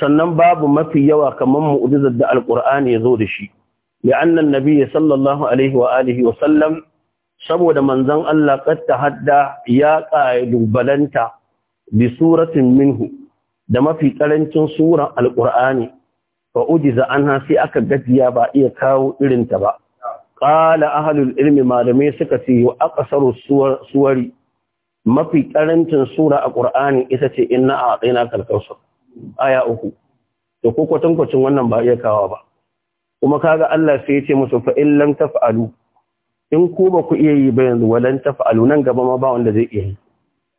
sannan babu mafi yawa kamar mu'jizar da alqur'ani ya zo da shi لأن النبي صلى الله عليه وآله وسلم سبود من زن الله قد تهدى يا قائد بلنتا بسورة منه دما في قلنت سورة القرآن fa ujiza anha sai aka gajiya ba iya kawo irin ta ba qala ahlul ilmi malamai suka ce wa aqsaru suwari mafi karancin sura a qur'ani ita ce inna a'tina kalkausar aya uku to ko kwatankwacin wannan ba iya kawo ba kuma kaga Allah sai ya ce musu fa in lam taf'alu in ku ba ku iya yi ba yanzu walan taf'alu nan gaba ma ba wanda zai iya yi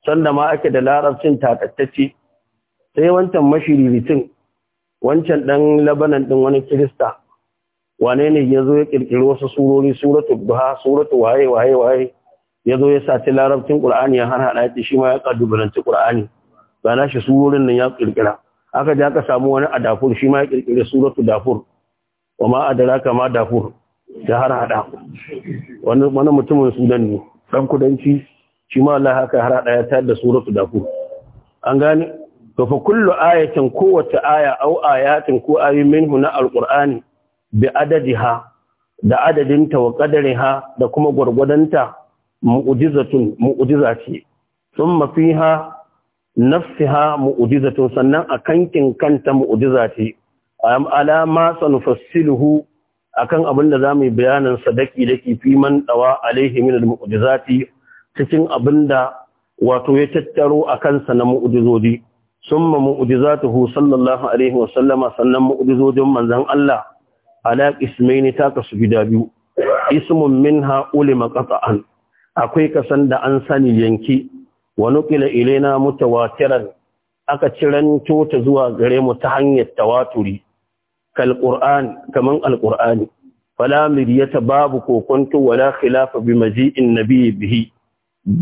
sanda ma ake da larabcin takatacce sai wancan mashiritin wancan ɗan labanan ɗin wani kirista wane ne ya zo ya ƙirƙiri wasu surori suratu duha suratu waye waye waye ya zo ya saci larabcin ƙur'ani ya hana haɗa shi ma ya ƙadubalanci ƙur'ani ba na shi surorin nan ya ƙirƙira aka je aka samu wani a dafur shi ma ya ƙirƙiri suratu dafur wa ma adraka ma dafur da har haɗa wani wani mutumin sudan ne ɗan kudanci shi ma Allah haka har haɗa ya tayar da suratu dafur an gane to fa kullu ayatin kowace aya au ayatin ko ayi minhu na alqur'ani bi adadiha da adadin ta wa qadariha da kuma gurgudanta mu'jizatun mu'jizati thumma fiha nafsiha mu'jizatun sannan akankin kanta mu'jizati ce am ala ma sanufassiluhu akan abin da zamu yi bayanin sadaki daki fi man dawa alaihi min almu'jizati cikin abin da wato ya tattaro akan sa na mu'jizodi summa mu'jizatuhu sallallahu alaihi wa sallama sannan mu'jizojin manzon Allah ala ne ta kasu gida biyu ismun minha ulima qat'an akwai kasan da an sani yanki wa nuqila ilaina mutawatiran aka ciranto ta zuwa gare mu ta hanyar tawaturi kaman alƙur'ani qur'ani fala miriyata babu kokonto wala khilafa bi maji'in nabiyyi bihi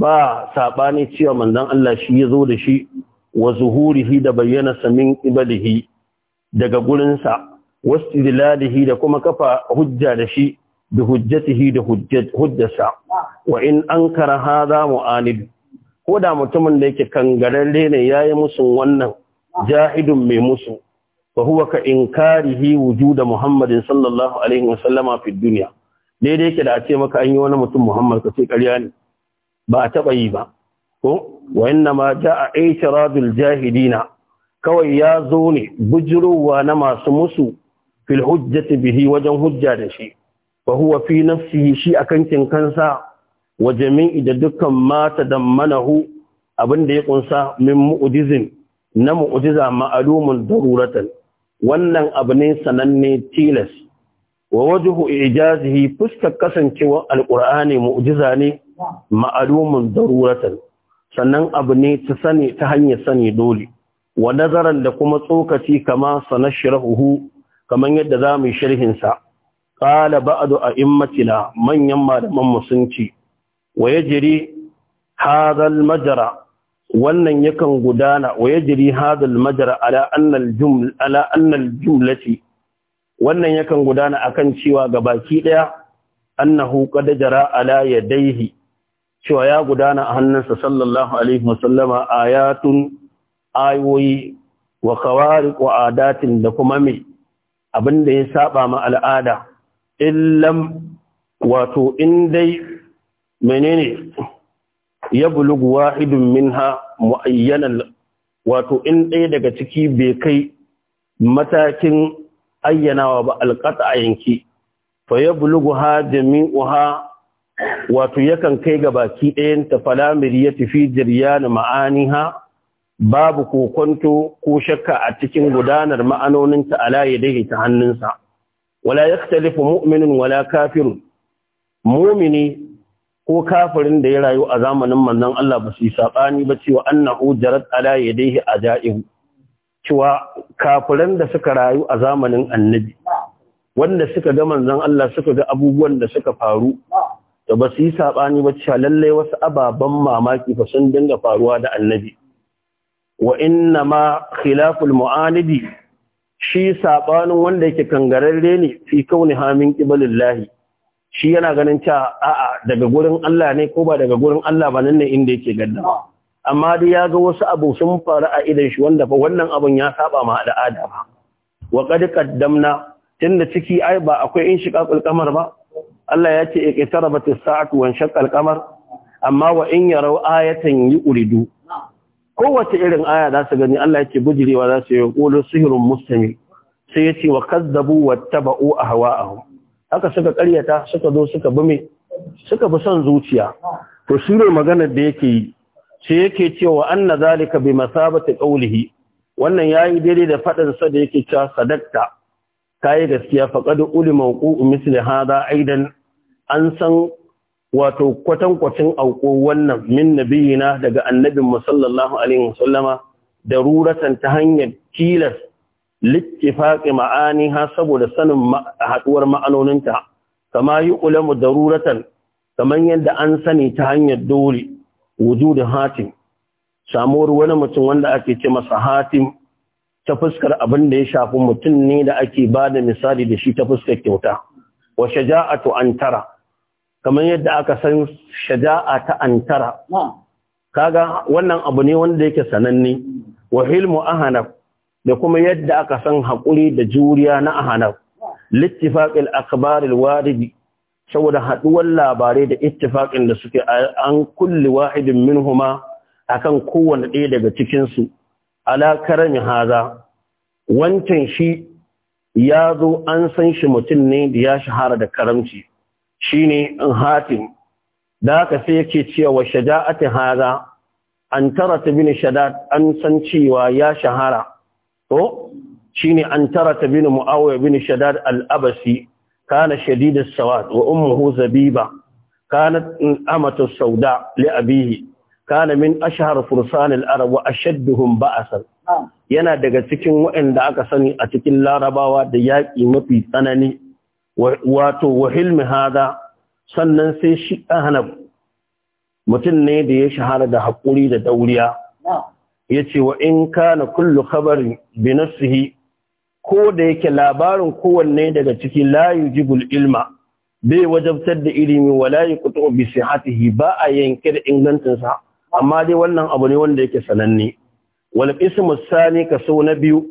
ba sabani cewa manzon Allah shi yazo da shi wa zuhurihi da bayyanarsa min ibadihi daga gurinsa wastidlalihi da kuma kafa hujja da shi bi hujjatihi da hujjarsa wa in ankara hadha mu'anid ko da mutumin da yake kangararre ne yayi musun wannan jahidun mai musu fa huwa ka inkarihi wujuda muhammadin sallallahu alaihi wa sallama fi dunya daidai yake da a ce maka an yi wani mutum muhammad ka ce karya ne ba a taɓa yi ba ko wa inna ma ja'a i'tiradul jahidina kawai ya zo ne bujirowa na masu musu fil hujjati bihi wajen hujja da shi fa huwa fi nafsihi shi akan kin kansa wa jami'i da dukkan mata dammanahu da ya kunsa min mu'jizin na mu'jiza ma'alumun daruratan wannan abu ne sananne tilas wa wajhu ijazihi fuskar kasancewar alqur'ani mu'jiza ne ma'alumun daruratan sannan abu ne ta sani ta hanyar sani dole wa nazaran da kuma tsokaci kama huhu kaman yadda zamu sharhin ba'adu qala in a'immatina manyan malaman musunci wa yajri hadha al wannan yakan gudana wa yajri ala jumlati wannan yakan gudana akan cewa gabaki daya annahu qad jara ala yadayhi cewa ya gudana a hannunsa sallallahu alaihi wasallama ayatun ayoyi wa kawari wa adatin da kuma abin abinda ya saba ma al'ada illam wato in dai menene ya bulugu wahidun minha mu'ayyanan wato in ɗaya daga ciki bai kai matakin ayyanawa ba alƙata a yanki fa ya bulugu ha Jamiu ha? wato yakan kai ga baki ɗayan ta falamiri ya tafi jirya na ma'aniha babu kokonto ko shakka a cikin gudanar ma'anoninta ala ya dahi ta hannunsa wala ya yaktalifu mu'minin wala kafirun mumini ko kafirin da ya rayu a zamanin manzon Allah ba su yi saɓani ba cewa na jarat ala a ja'in cewa kafirin da suka rayu a zamanin annabi wanda suka ga manzon Allah suka ga abubuwan da suka faru da ba su yi saɓani ba cewa lallai wasu ababen mamaki fa sun dinga faruwa da annabi wa inna ma khilaful mu'anidi shi saɓanin wanda yake kangararre ne fi kauni hamin kibalillahi shi yana ganin cewa a'a daga gurin Allah ne ko ba daga gurin Allah ba nan ne inda yake gaddama amma dai ya ga wasu abu sun faru a idan shi wanda fa wannan abun ya saba ma al'ada ba wa qad qaddamna tunda ciki ai ba akwai in shiqaqul qamar ba Allah ya ce iqtarabat as-sa'atu wa shaqqa al-qamar amma wa in yaraw ayatan yuridu kowace irin aya za su gani Allah ya ce bujirewa za su yi qulu sihrun musulmi. sai ya ce wa kazzabu wattaba'u ahwa'ahum haka suka karyata suka zo suka bi suka bi son zuciya to maganar da yake yi sai yake cewa anna zalika bi ta qawlihi wannan yayi daidai da fadin sa da yake cewa sadaqta kai gaskiya faqad ulima uqu misli aidan an san wato kwatankwacin auko wannan min nabiyina daga annabin musallallahu alaihi wasallama da ruratan ta hanyar tilas littifaqi ma'aniha saboda sanin haduwar ma'anoninta kama yi ulamu daruratan kaman yadda an sani ta hanyar dole wujudin hatim samuwar wani mutum wanda ake ce masa hatim ta fuskar abin da ya shafi mutum ne da ake ba da misali da shi ta fuskar kyauta wa shaja'atu antara kamar yadda aka san shaja'a ta antara kaga wannan abu ne wanda yake sananne wa hilmu ahanaf da kuma yadda aka san haƙuri da juriya na ahanaf littifaqil akhbaril waridi saboda haduwar labarai da ittifaqin da suke an kulli wahidin minhuma akan kowanne ɗaya daga cikin su ala karami haza wancan shi ya zo an san shi mutum ne da ya shahara da karamci ne in hatim da haka sai yake cewa shaja'ati haza. an tara bin shadat an san cewa ya shahara to ne an tara bin muawiya bin shadad al-abasi kana shadid as-sawad wa ummuhu zabiba kanat amatu sauda li abihi kana min ashhar fursan al-arab wa ashadduhum ba'san yana daga cikin waɗanda aka sani a cikin larabawa da yaƙi mafi tsanani wato wa hilmi hada sannan sai shi ahnab mutum ne da ya shahara da haƙuri da dauriya ya ce wa in kana kullu khabari bi nafsihi ko da yake labarin kowanne daga ciki la yujibul ilma bai wajabtar da ilimi wala yuqtu bi sihatihi ba a yanke da sa amma dai wannan abu ne wanda yake sananne wal ismu sani kaso na biyu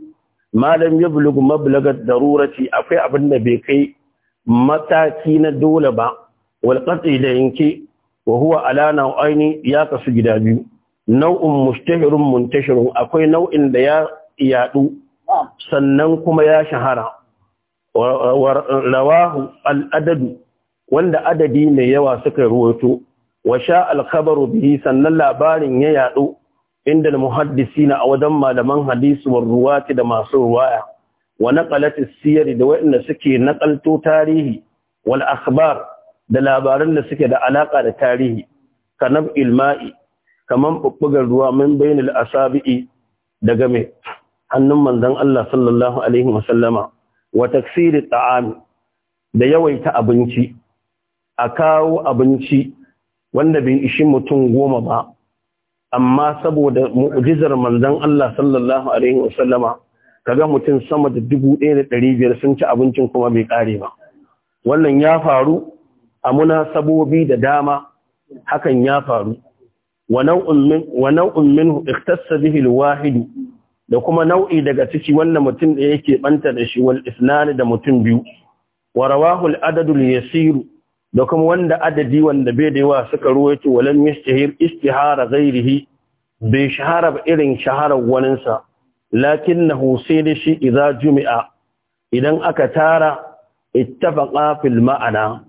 malam ya bulugu mablagat darurati akwai abin da bai kai mataki na dole ba walƙatsi da yanke wa huwa ala nau'aini ya kasu gida biyu nau'in mustahirun muntashirun akwai nau'in da ya yadu sannan kuma ya shahara rawahu al'adadu wanda adadi mai yawa suka ruwato wa sha al bihi sannan labarin ya yadu inda muhaddisina a wajen malaman hadisi ruwa ruwati da masu ruwaya wa naqalat as-siyar da waɗanda suke naqalto tarihi wal akhbar da labaran da suke da alaka da tarihi kanab ilma'i kaman bubbugar ruwa min bainal asabi'i daga mai hannun manzon Allah sallallahu alaihi wa sallama wa da yawaita abinci a kawo abinci wanda bai ishi mutum goma ba amma saboda mu'jizar manzon Allah sallallahu alaihi Ka ga mutum sama da dubu ɗaya da ɗari biyar sun ci abincin kuma bai ƙare ba wannan ya faru a munasabobi da dama hakan ya faru wa nau'in minhu ikhtassa bihi al da kuma nau'i daga ciki wanda mutum da yake banta da shi wal isnan da mutum biyu wa rawahu al-adad al da kuma wanda adadi wanda bai da yawa suka ruwaito walam yastahir istihara ghairihi bai shahara ba irin shaharar waninsa lakinnahu sai da shi iza jumi'a idan aka tara ittafaqa fil ma'ana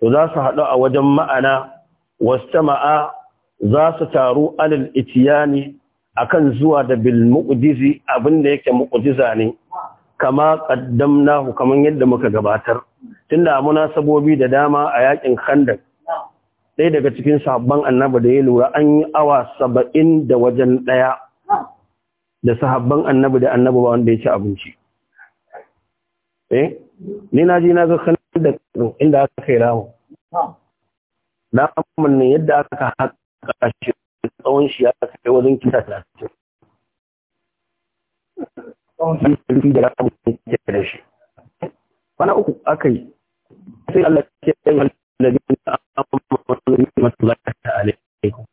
to za su haɗu a wajen ma'ana wastama'a za su taru alal itiyani akan zuwa da bil muqdizi da yake muqdiza ne kama na kaman yadda muka gabatar tun tunda sabobi da dama a yakin khandak ɗaya daga cikin sahabban annabi da ya lura an yi awa saba'in da wajen ɗaya da sahabban annabi da annabi ba wanda ya ci abinci eh ni na ji na ga kan da inda aka kai rawo na amman ne yadda aka haka shi tsawon shi ya kai wajen kisa tsawon shi da ramu ke da shi Bana uku aka yi sai Allah ya yi da آمنوا ورحمة الله عليكم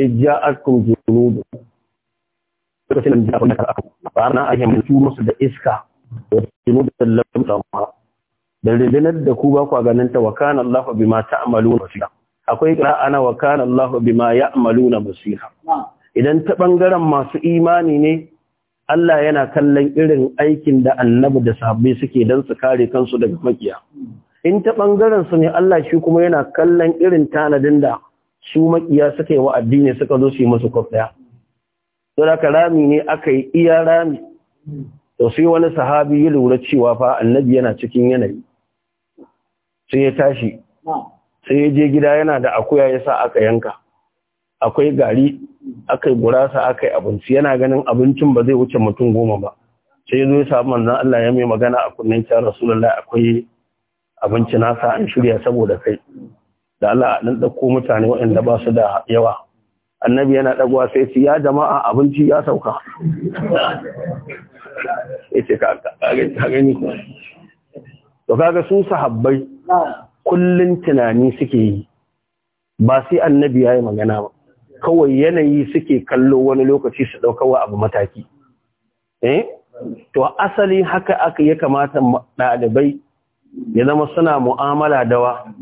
إذ جاءتكم جنود lokacin da abin da aka ba na ake mutu musu da iska da tunu da sallam tsamma da rundunar da ku ba ku ganin ta wa kana Allah bima na basira akwai qira'a ana wa kana Allah bima na basira idan ta bangaren masu imani ne Allah yana kallon irin aikin da annabi da sahabbai suke dan su kare kansu daga makiya in ta bangaren su ne Allah shi kuma yana kallon irin tanadin da su makiya suka yi wa addini suka zo su yi musu kwafdaya to da rami ne aka yi iya rami to sai wani sahabi ya lura cewa fa annabi yana cikin yanayi sai ya tashi sai ya je gida yana da akuya ya sa aka yanka akwai gari akai gurasa akai abinci yana ganin abincin ba zai wuce mutum goma ba sai ya zo ya samu manzan Allah ya mai magana a kunnen ta Rasulullahi akwai abinci nasa an shirya saboda kai da Allah ɗan dauko mutane waɗanda ba su da yawa annabi yana ɗagwa sai ce ya jama'a abinci ya sauka ya ce to kaga sun sahabbai kullum tunani suke yi ba sai annabi ya yi magana ba kawai yanayi suke kallo wani lokaci su ɗaukawa abu mataki eh to asali haka aka ya kamata ɗalibai ya zama suna mu'amala dawa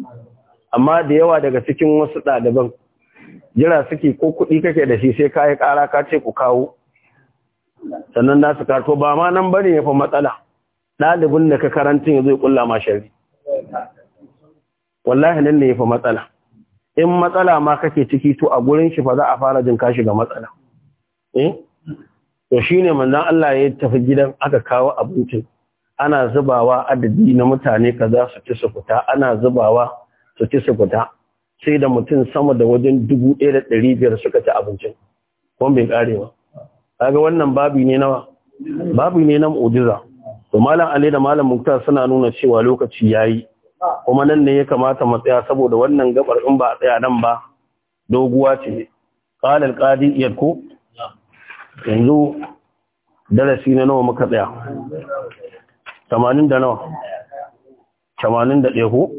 amma da yawa daga cikin wasu ɗaliban jira suke ko kuɗi kake da shi sai kayi yi ƙara ka ce ku kawo sannan na su kato ba ma nan bane ya fi matsala ɗalibin da ka karantin ya zai ƙulla ma shari wallahi nan ne ya fi matsala in matsala ma kake ciki to a gurin shi fa za a fara jin kashi ga matsala eh to shine manzon Allah ya tafi gidan aka kawo abincin ana zubawa adadi na mutane kaza su ci su fita ana zubawa su ci su fita sai da mutum sama da wajen dubu ɗaya da ɗari biyar suka ci abincin kuma bai ƙare ba kaga wannan babi ne nawa babi ne na mu'jiza to malam ali da malam muktar suna nuna cewa lokaci yayi kuma nan ne ya kamata mu tsaya saboda wannan gabar in ba a tsaya nan ba doguwa ce qala al-qadi ko? yanzu darasi na nawa muka tsaya 80 da nawa 81 ko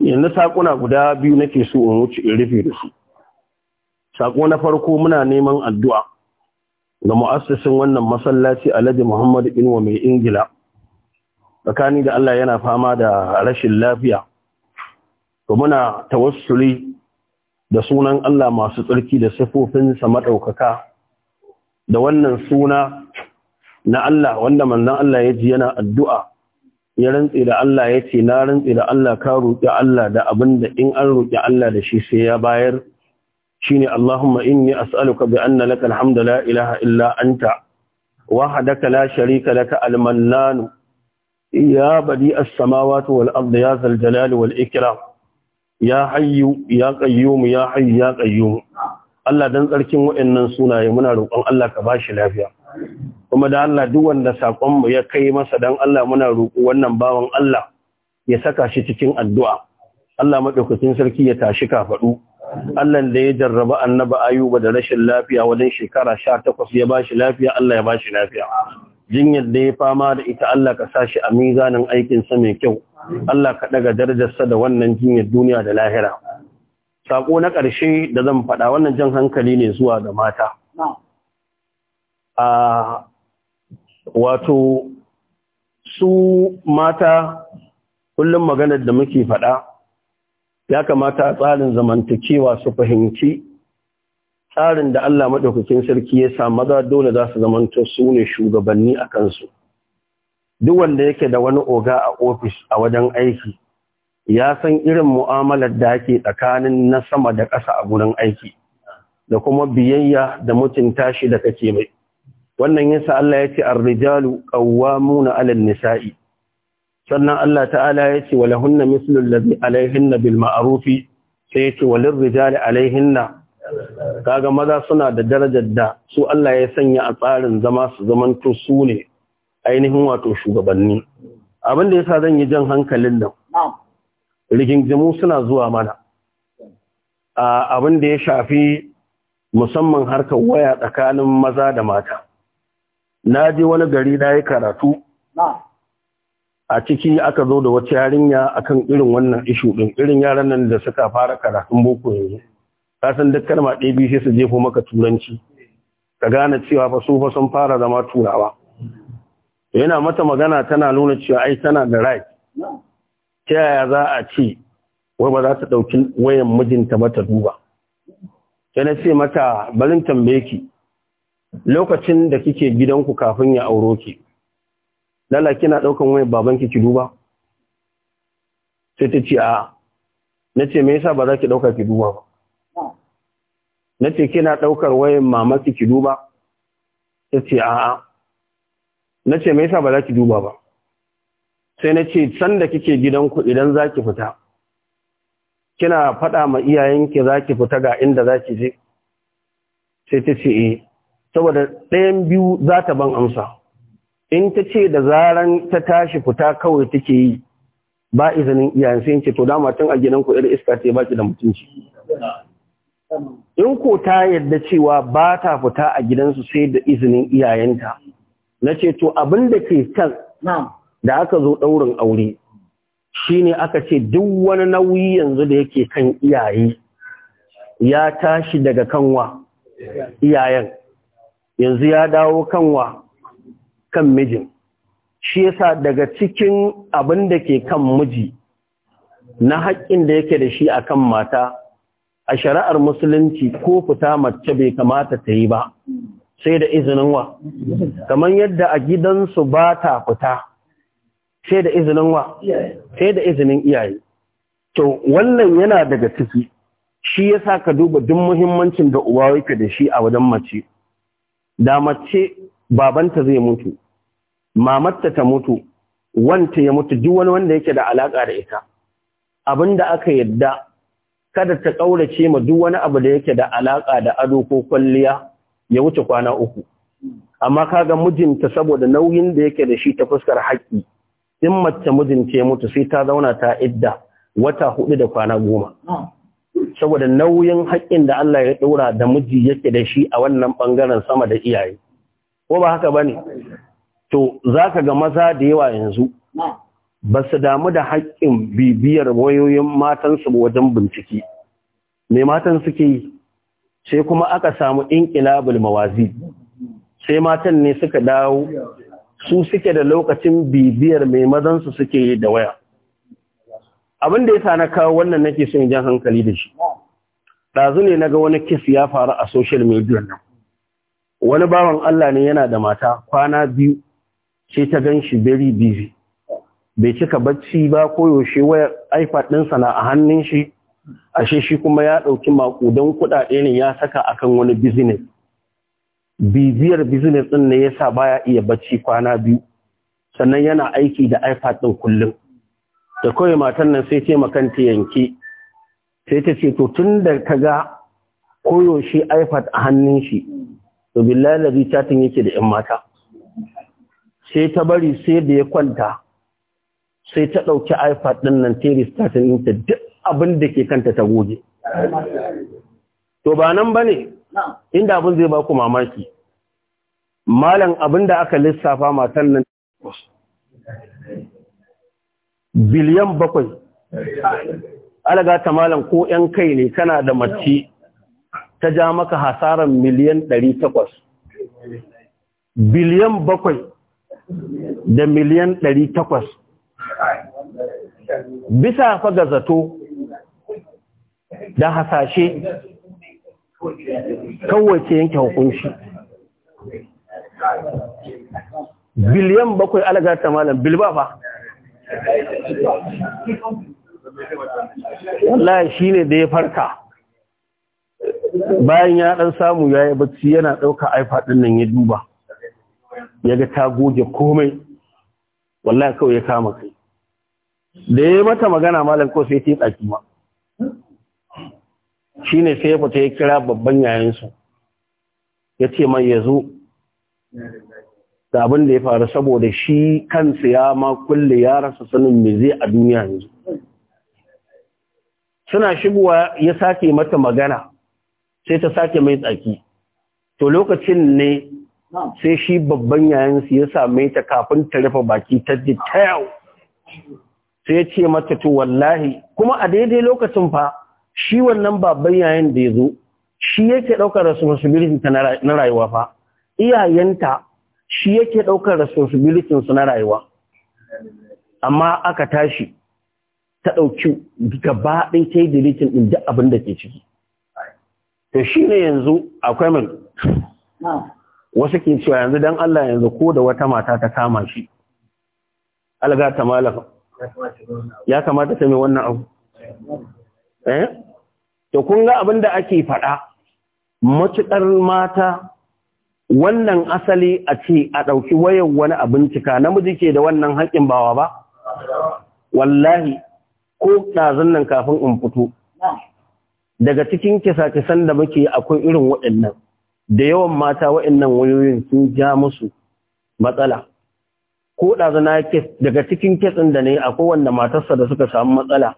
yanzu saƙuna guda biyu nake so in wuce in rufe da su saƙo na farko muna neman addu'a ga mu'assasin wannan masallaci alhaji muhammad inuwa mai ingila tsakani da allah yana fama da rashin lafiya to muna tawassuli da sunan allah masu tsarki da siffofinsa maɗaukaka da wannan suna na allah wanda manzon allah ya ji yana addu'a ya rantse da Allah ya ce na rantse da Allah ka roƙi Allah da abin da in an roƙi Allah da shi sai ya bayar shine Allahumma inni as'aluka bi anna laka alhamdu la ilaha illa anta wahdaka la sharika laka al-mannan ya badi as-samawati wal ardi ya zal jalali wal ikram ya hayyu ya qayyum ya hayyu ya qayyum Allah dan tsarkin waɗannan sunaye muna roƙon Allah ka bashi lafiya kuma da Allah duk wanda saƙonmu ya kai masa dan Allah muna roƙo wannan bawan Allah ya saka shi cikin addu'a Allah maɗaukakin sarki ya tashi kafaɗu Allah da ya jarraba Annabi ayuba da rashin lafiya wajen shekara sha takwas ya ba shi lafiya Allah ya ba shi lafiya jinyar da ya fama da ita Allah ka sa shi a mizanin aikinsa mai kyau Allah ka ɗaga darajarsa da wannan jinyar duniya da lahira Saƙo na ƙarshe da zan faɗa wannan jan hankali ne zuwa ga mata a wato su mata kullum maganar da muke faɗa ya kamata a tsarin zamantakewa su fahimci tsarin da Allah maɗaukakin sarki ya sa maza dole za su zamanta su ne shugabanni a kansu duk wanda yake da wani oga a ofis a wajen aiki ya san irin mu'amalar da ake tsakanin na sama da ƙasa a gurin aiki da kuma biyayya da mutunta shi da kake mai wannan yasa Allah ya ce ar-rijalu qawwamuna 'alan nisai sannan Allah ta'ala ya ce walahunna mislu allazi 'alayhinna bil ma'ruf sai ce walir rijali 'alayhinna kaga maza suna da darajar da su Allah ya sanya a tsarin zama su to su ne ainihin wato shugabanni abin da yasa zan yi jan hankalin nan rigingimu suna zuwa mana abin da ya shafi musamman harkar waya tsakanin maza da mata na je wani gari na yi karatu a ciki aka zo da wata yarinya akan irin wannan ishu din irin yaran nan da suka fara karatun boko yanzu ka san duk kalma ɗaya biyu sai su jefo maka turanci ka gane cewa fa su fa sun fara zama turawa yana mata magana tana nuna cewa ai tana da right ta yaya za a ce wai ba za ta ɗauki wayan mijinta ba ta duba sai na ce mata barin tambaye ki lokacin da kike gidanku kafin ya auro ki lala kina daukan wai babanki ki duba sai ta ce a nace me yasa ba za ki dauka ki duba ba nace kina daukar wayar mamaki ki duba ta ce a nace me yasa ba za ki duba ba sai nace sanda kike gidanku idan za ki fita kina faɗa ma iyayenki za ki fita ga inda za ki je sai ta ce eh saboda ɗayan biyu za ta ban amsa in ta ce da zaran ta tashi fita kawai take yi ba izinin iyayen sai ce to dama tun a ku irin iska ce ba ki da mutunci in ko ta yadda cewa ba ta fita a gidansu sai da izinin iyayenta na ce to abin da ke kan da aka zo ɗaurin aure shine aka ce duk wani nauyi yanzu da yake kan iyaye ya tashi daga kanwa iyayen yanzu ya dawo kanwa kan mijin shi yasa daga cikin abin da ke kan miji na haƙƙin da yake da shi akan mata a shari'ar musulunci ko fita mace bai kamata ta yi ba sai da izinin wa kamar yadda a gidansu ba ta fita sai da izinin wa sai da izinin iyaye to wannan yana daga ciki shi yasa ka duba duk muhimmancin da uba yake da shi a wajen mace da mace babanta zai mutu mamatta ta mutu wanta ya mutu duk wani wanda yake da alaka da ita abinda aka yadda kada ta kaurace ma duk wani abu da yake da alaka da ado ko kwalliya ya wuce kwana uku amma kaga mijinta saboda nauyin da yake da shi ta fuskar haƙƙi in mace mijinta ya mutu sai ta zauna ta idda wata hudu da kwana goma saboda nauyin haƙƙin da Allah ya ɗora da miji yake da shi a wannan ɓangaren sama da iyaye ko ba haka ba ne to za ka ga maza da yawa yanzu ba su damu da haƙƙin bibiyar wayoyin matansu wajen bincike me matan suke yi sai kuma aka samu inqilabul mawazi sai matan ne suka dawo su suke da lokacin bibiyar mai mazansu suke yi da waya abin da ya sa na kawo wannan nake son jan hankali da shi dazu ne naga wani kiss ya faru a social media nan wani bawan Allah ne yana da mata kwana biyu ce ta ganshi shi very busy bai cika bacci ba koyaushe wayar ipad din na a hannun shi ashe shi kuma ya ɗauki makudan kuɗaɗe ne ya saka akan wani business Biziyar business ɗin ne yasa baya iya bacci kwana biyu sannan yana aiki da ipad ɗin kullum da kawai matan nan sai ce makanta yanki sai ta ce to tun da ta ga koyaushe ipad a hannun shi to billahi lazi chatin yake da yan mata sai ta bari sai da ya kwanta sai ta ɗauki ipad ɗin nan ta ristatin yinta duk abin da ke kanta ta goge to ba nan ba ne inda abin zai ba ku mamaki malam abin da aka lissafa matan nan biliyan bakwai alaga ta malam ko ‘yan kai ne kana da mace ta ja maka hasarar miliyan ɗari takwas biliyan bakwai da miliyan ɗari takwas bisa faga zato da hasashe kawai ce yanke hukunshi. biliyan bakwai alaga ta malam bilba fa wallahi shi ne da ya farka bayan ya ɗan samu ya yi bacci yana ɗauka aifa ɗin nan ya duba ya ga ta goge komai wallahi kawai ya kama kai da ya mata magana malam ko sai ta yi ɗaki ma shi ne sai ya fita ya kira babban yayansu ya ce mai ya zo da abin da ya faru saboda shi kansu ya ma kulle ya rasa sanin me zai a duniya yanzu suna shigowa ya sake mata magana sai ta sake mai tsaki to lokacin ne sai shi babban yayan su ya same ta kafin ta rufe baki ta detail sai ce mata to wallahi kuma a daidai lokacin fa shi wannan babban yayan da ya zo shi yake ɗaukar responsibility ta na rayuwa fa iyayenta shi yake ɗaukar responsibility su na rayuwa amma aka tashi ta ɗauki gaba ɗin ta yi deletin ɗin duk abin da ke ciki to shi ne yanzu akwai mai wasu ke cewa yanzu don Allah yanzu ko da wata mata ta kama shi alga ta malafa ya kamata ta mai wannan abu eh to kun ga abin da ake faɗa matuƙar mata wannan asali a ce a ɗauki wayan wani a bincika namiji ke da wannan haƙƙin bawa ba? Wallahi, ko ɗazun nan kafin in fito. Daga cikin kisa-kisan da muke akwai irin waɗannan, da yawan mata waɗannan wayoyin sun ja musu matsala. Ko ɗazuna daga cikin kitsin da ne akwai wanda matarsa da suka samu matsala,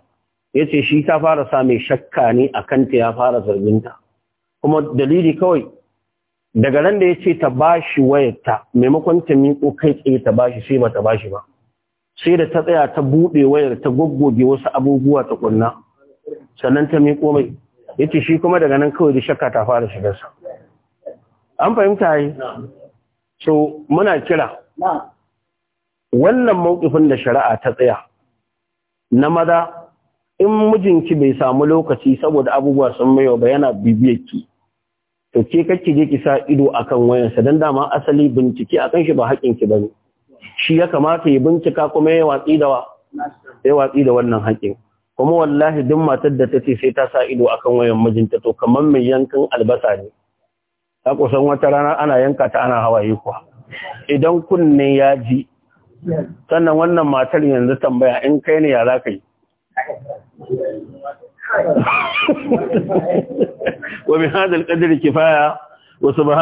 ya ce shi ta fara sa mai shakka ne a kanta ya fara zarginta. Kuma dalili kawai daga nan da ya ce ta ba shi wayarta maimakon ta miƙo kai tsaye ta bashi sai ba ta bashi ba sai da ta tsaya ta buɗe wayar ta goggoge wasu abubuwa ta ƙunna, sannan ta miƙo mai ce shi kuma daga nan kawai da shakka ta fara shigarsa an fahimta yi so muna kira wannan mawkifin da shari'a ta tsaya na maza in mijinki bai samu lokaci saboda abubuwa sun mayo ba yana ki to ke kake je ki sa ido akan wayansa dan dama asali bincike akan shi ba haƙin ki bane shi ya kamata ya bincika kuma ya watsi da wa ya watsi da wannan haƙin kuma wallahi duk matar da ta ce sai ta sa ido akan wayan mijinta to kamar mai yankan albasa ne ta kusan wata rana ana yanka ta ana hawaye kuwa idan kunne ya ji sannan wannan matar yanzu tambaya in kai ne ya za ka yi وبهذا القدر كفاية وسبحان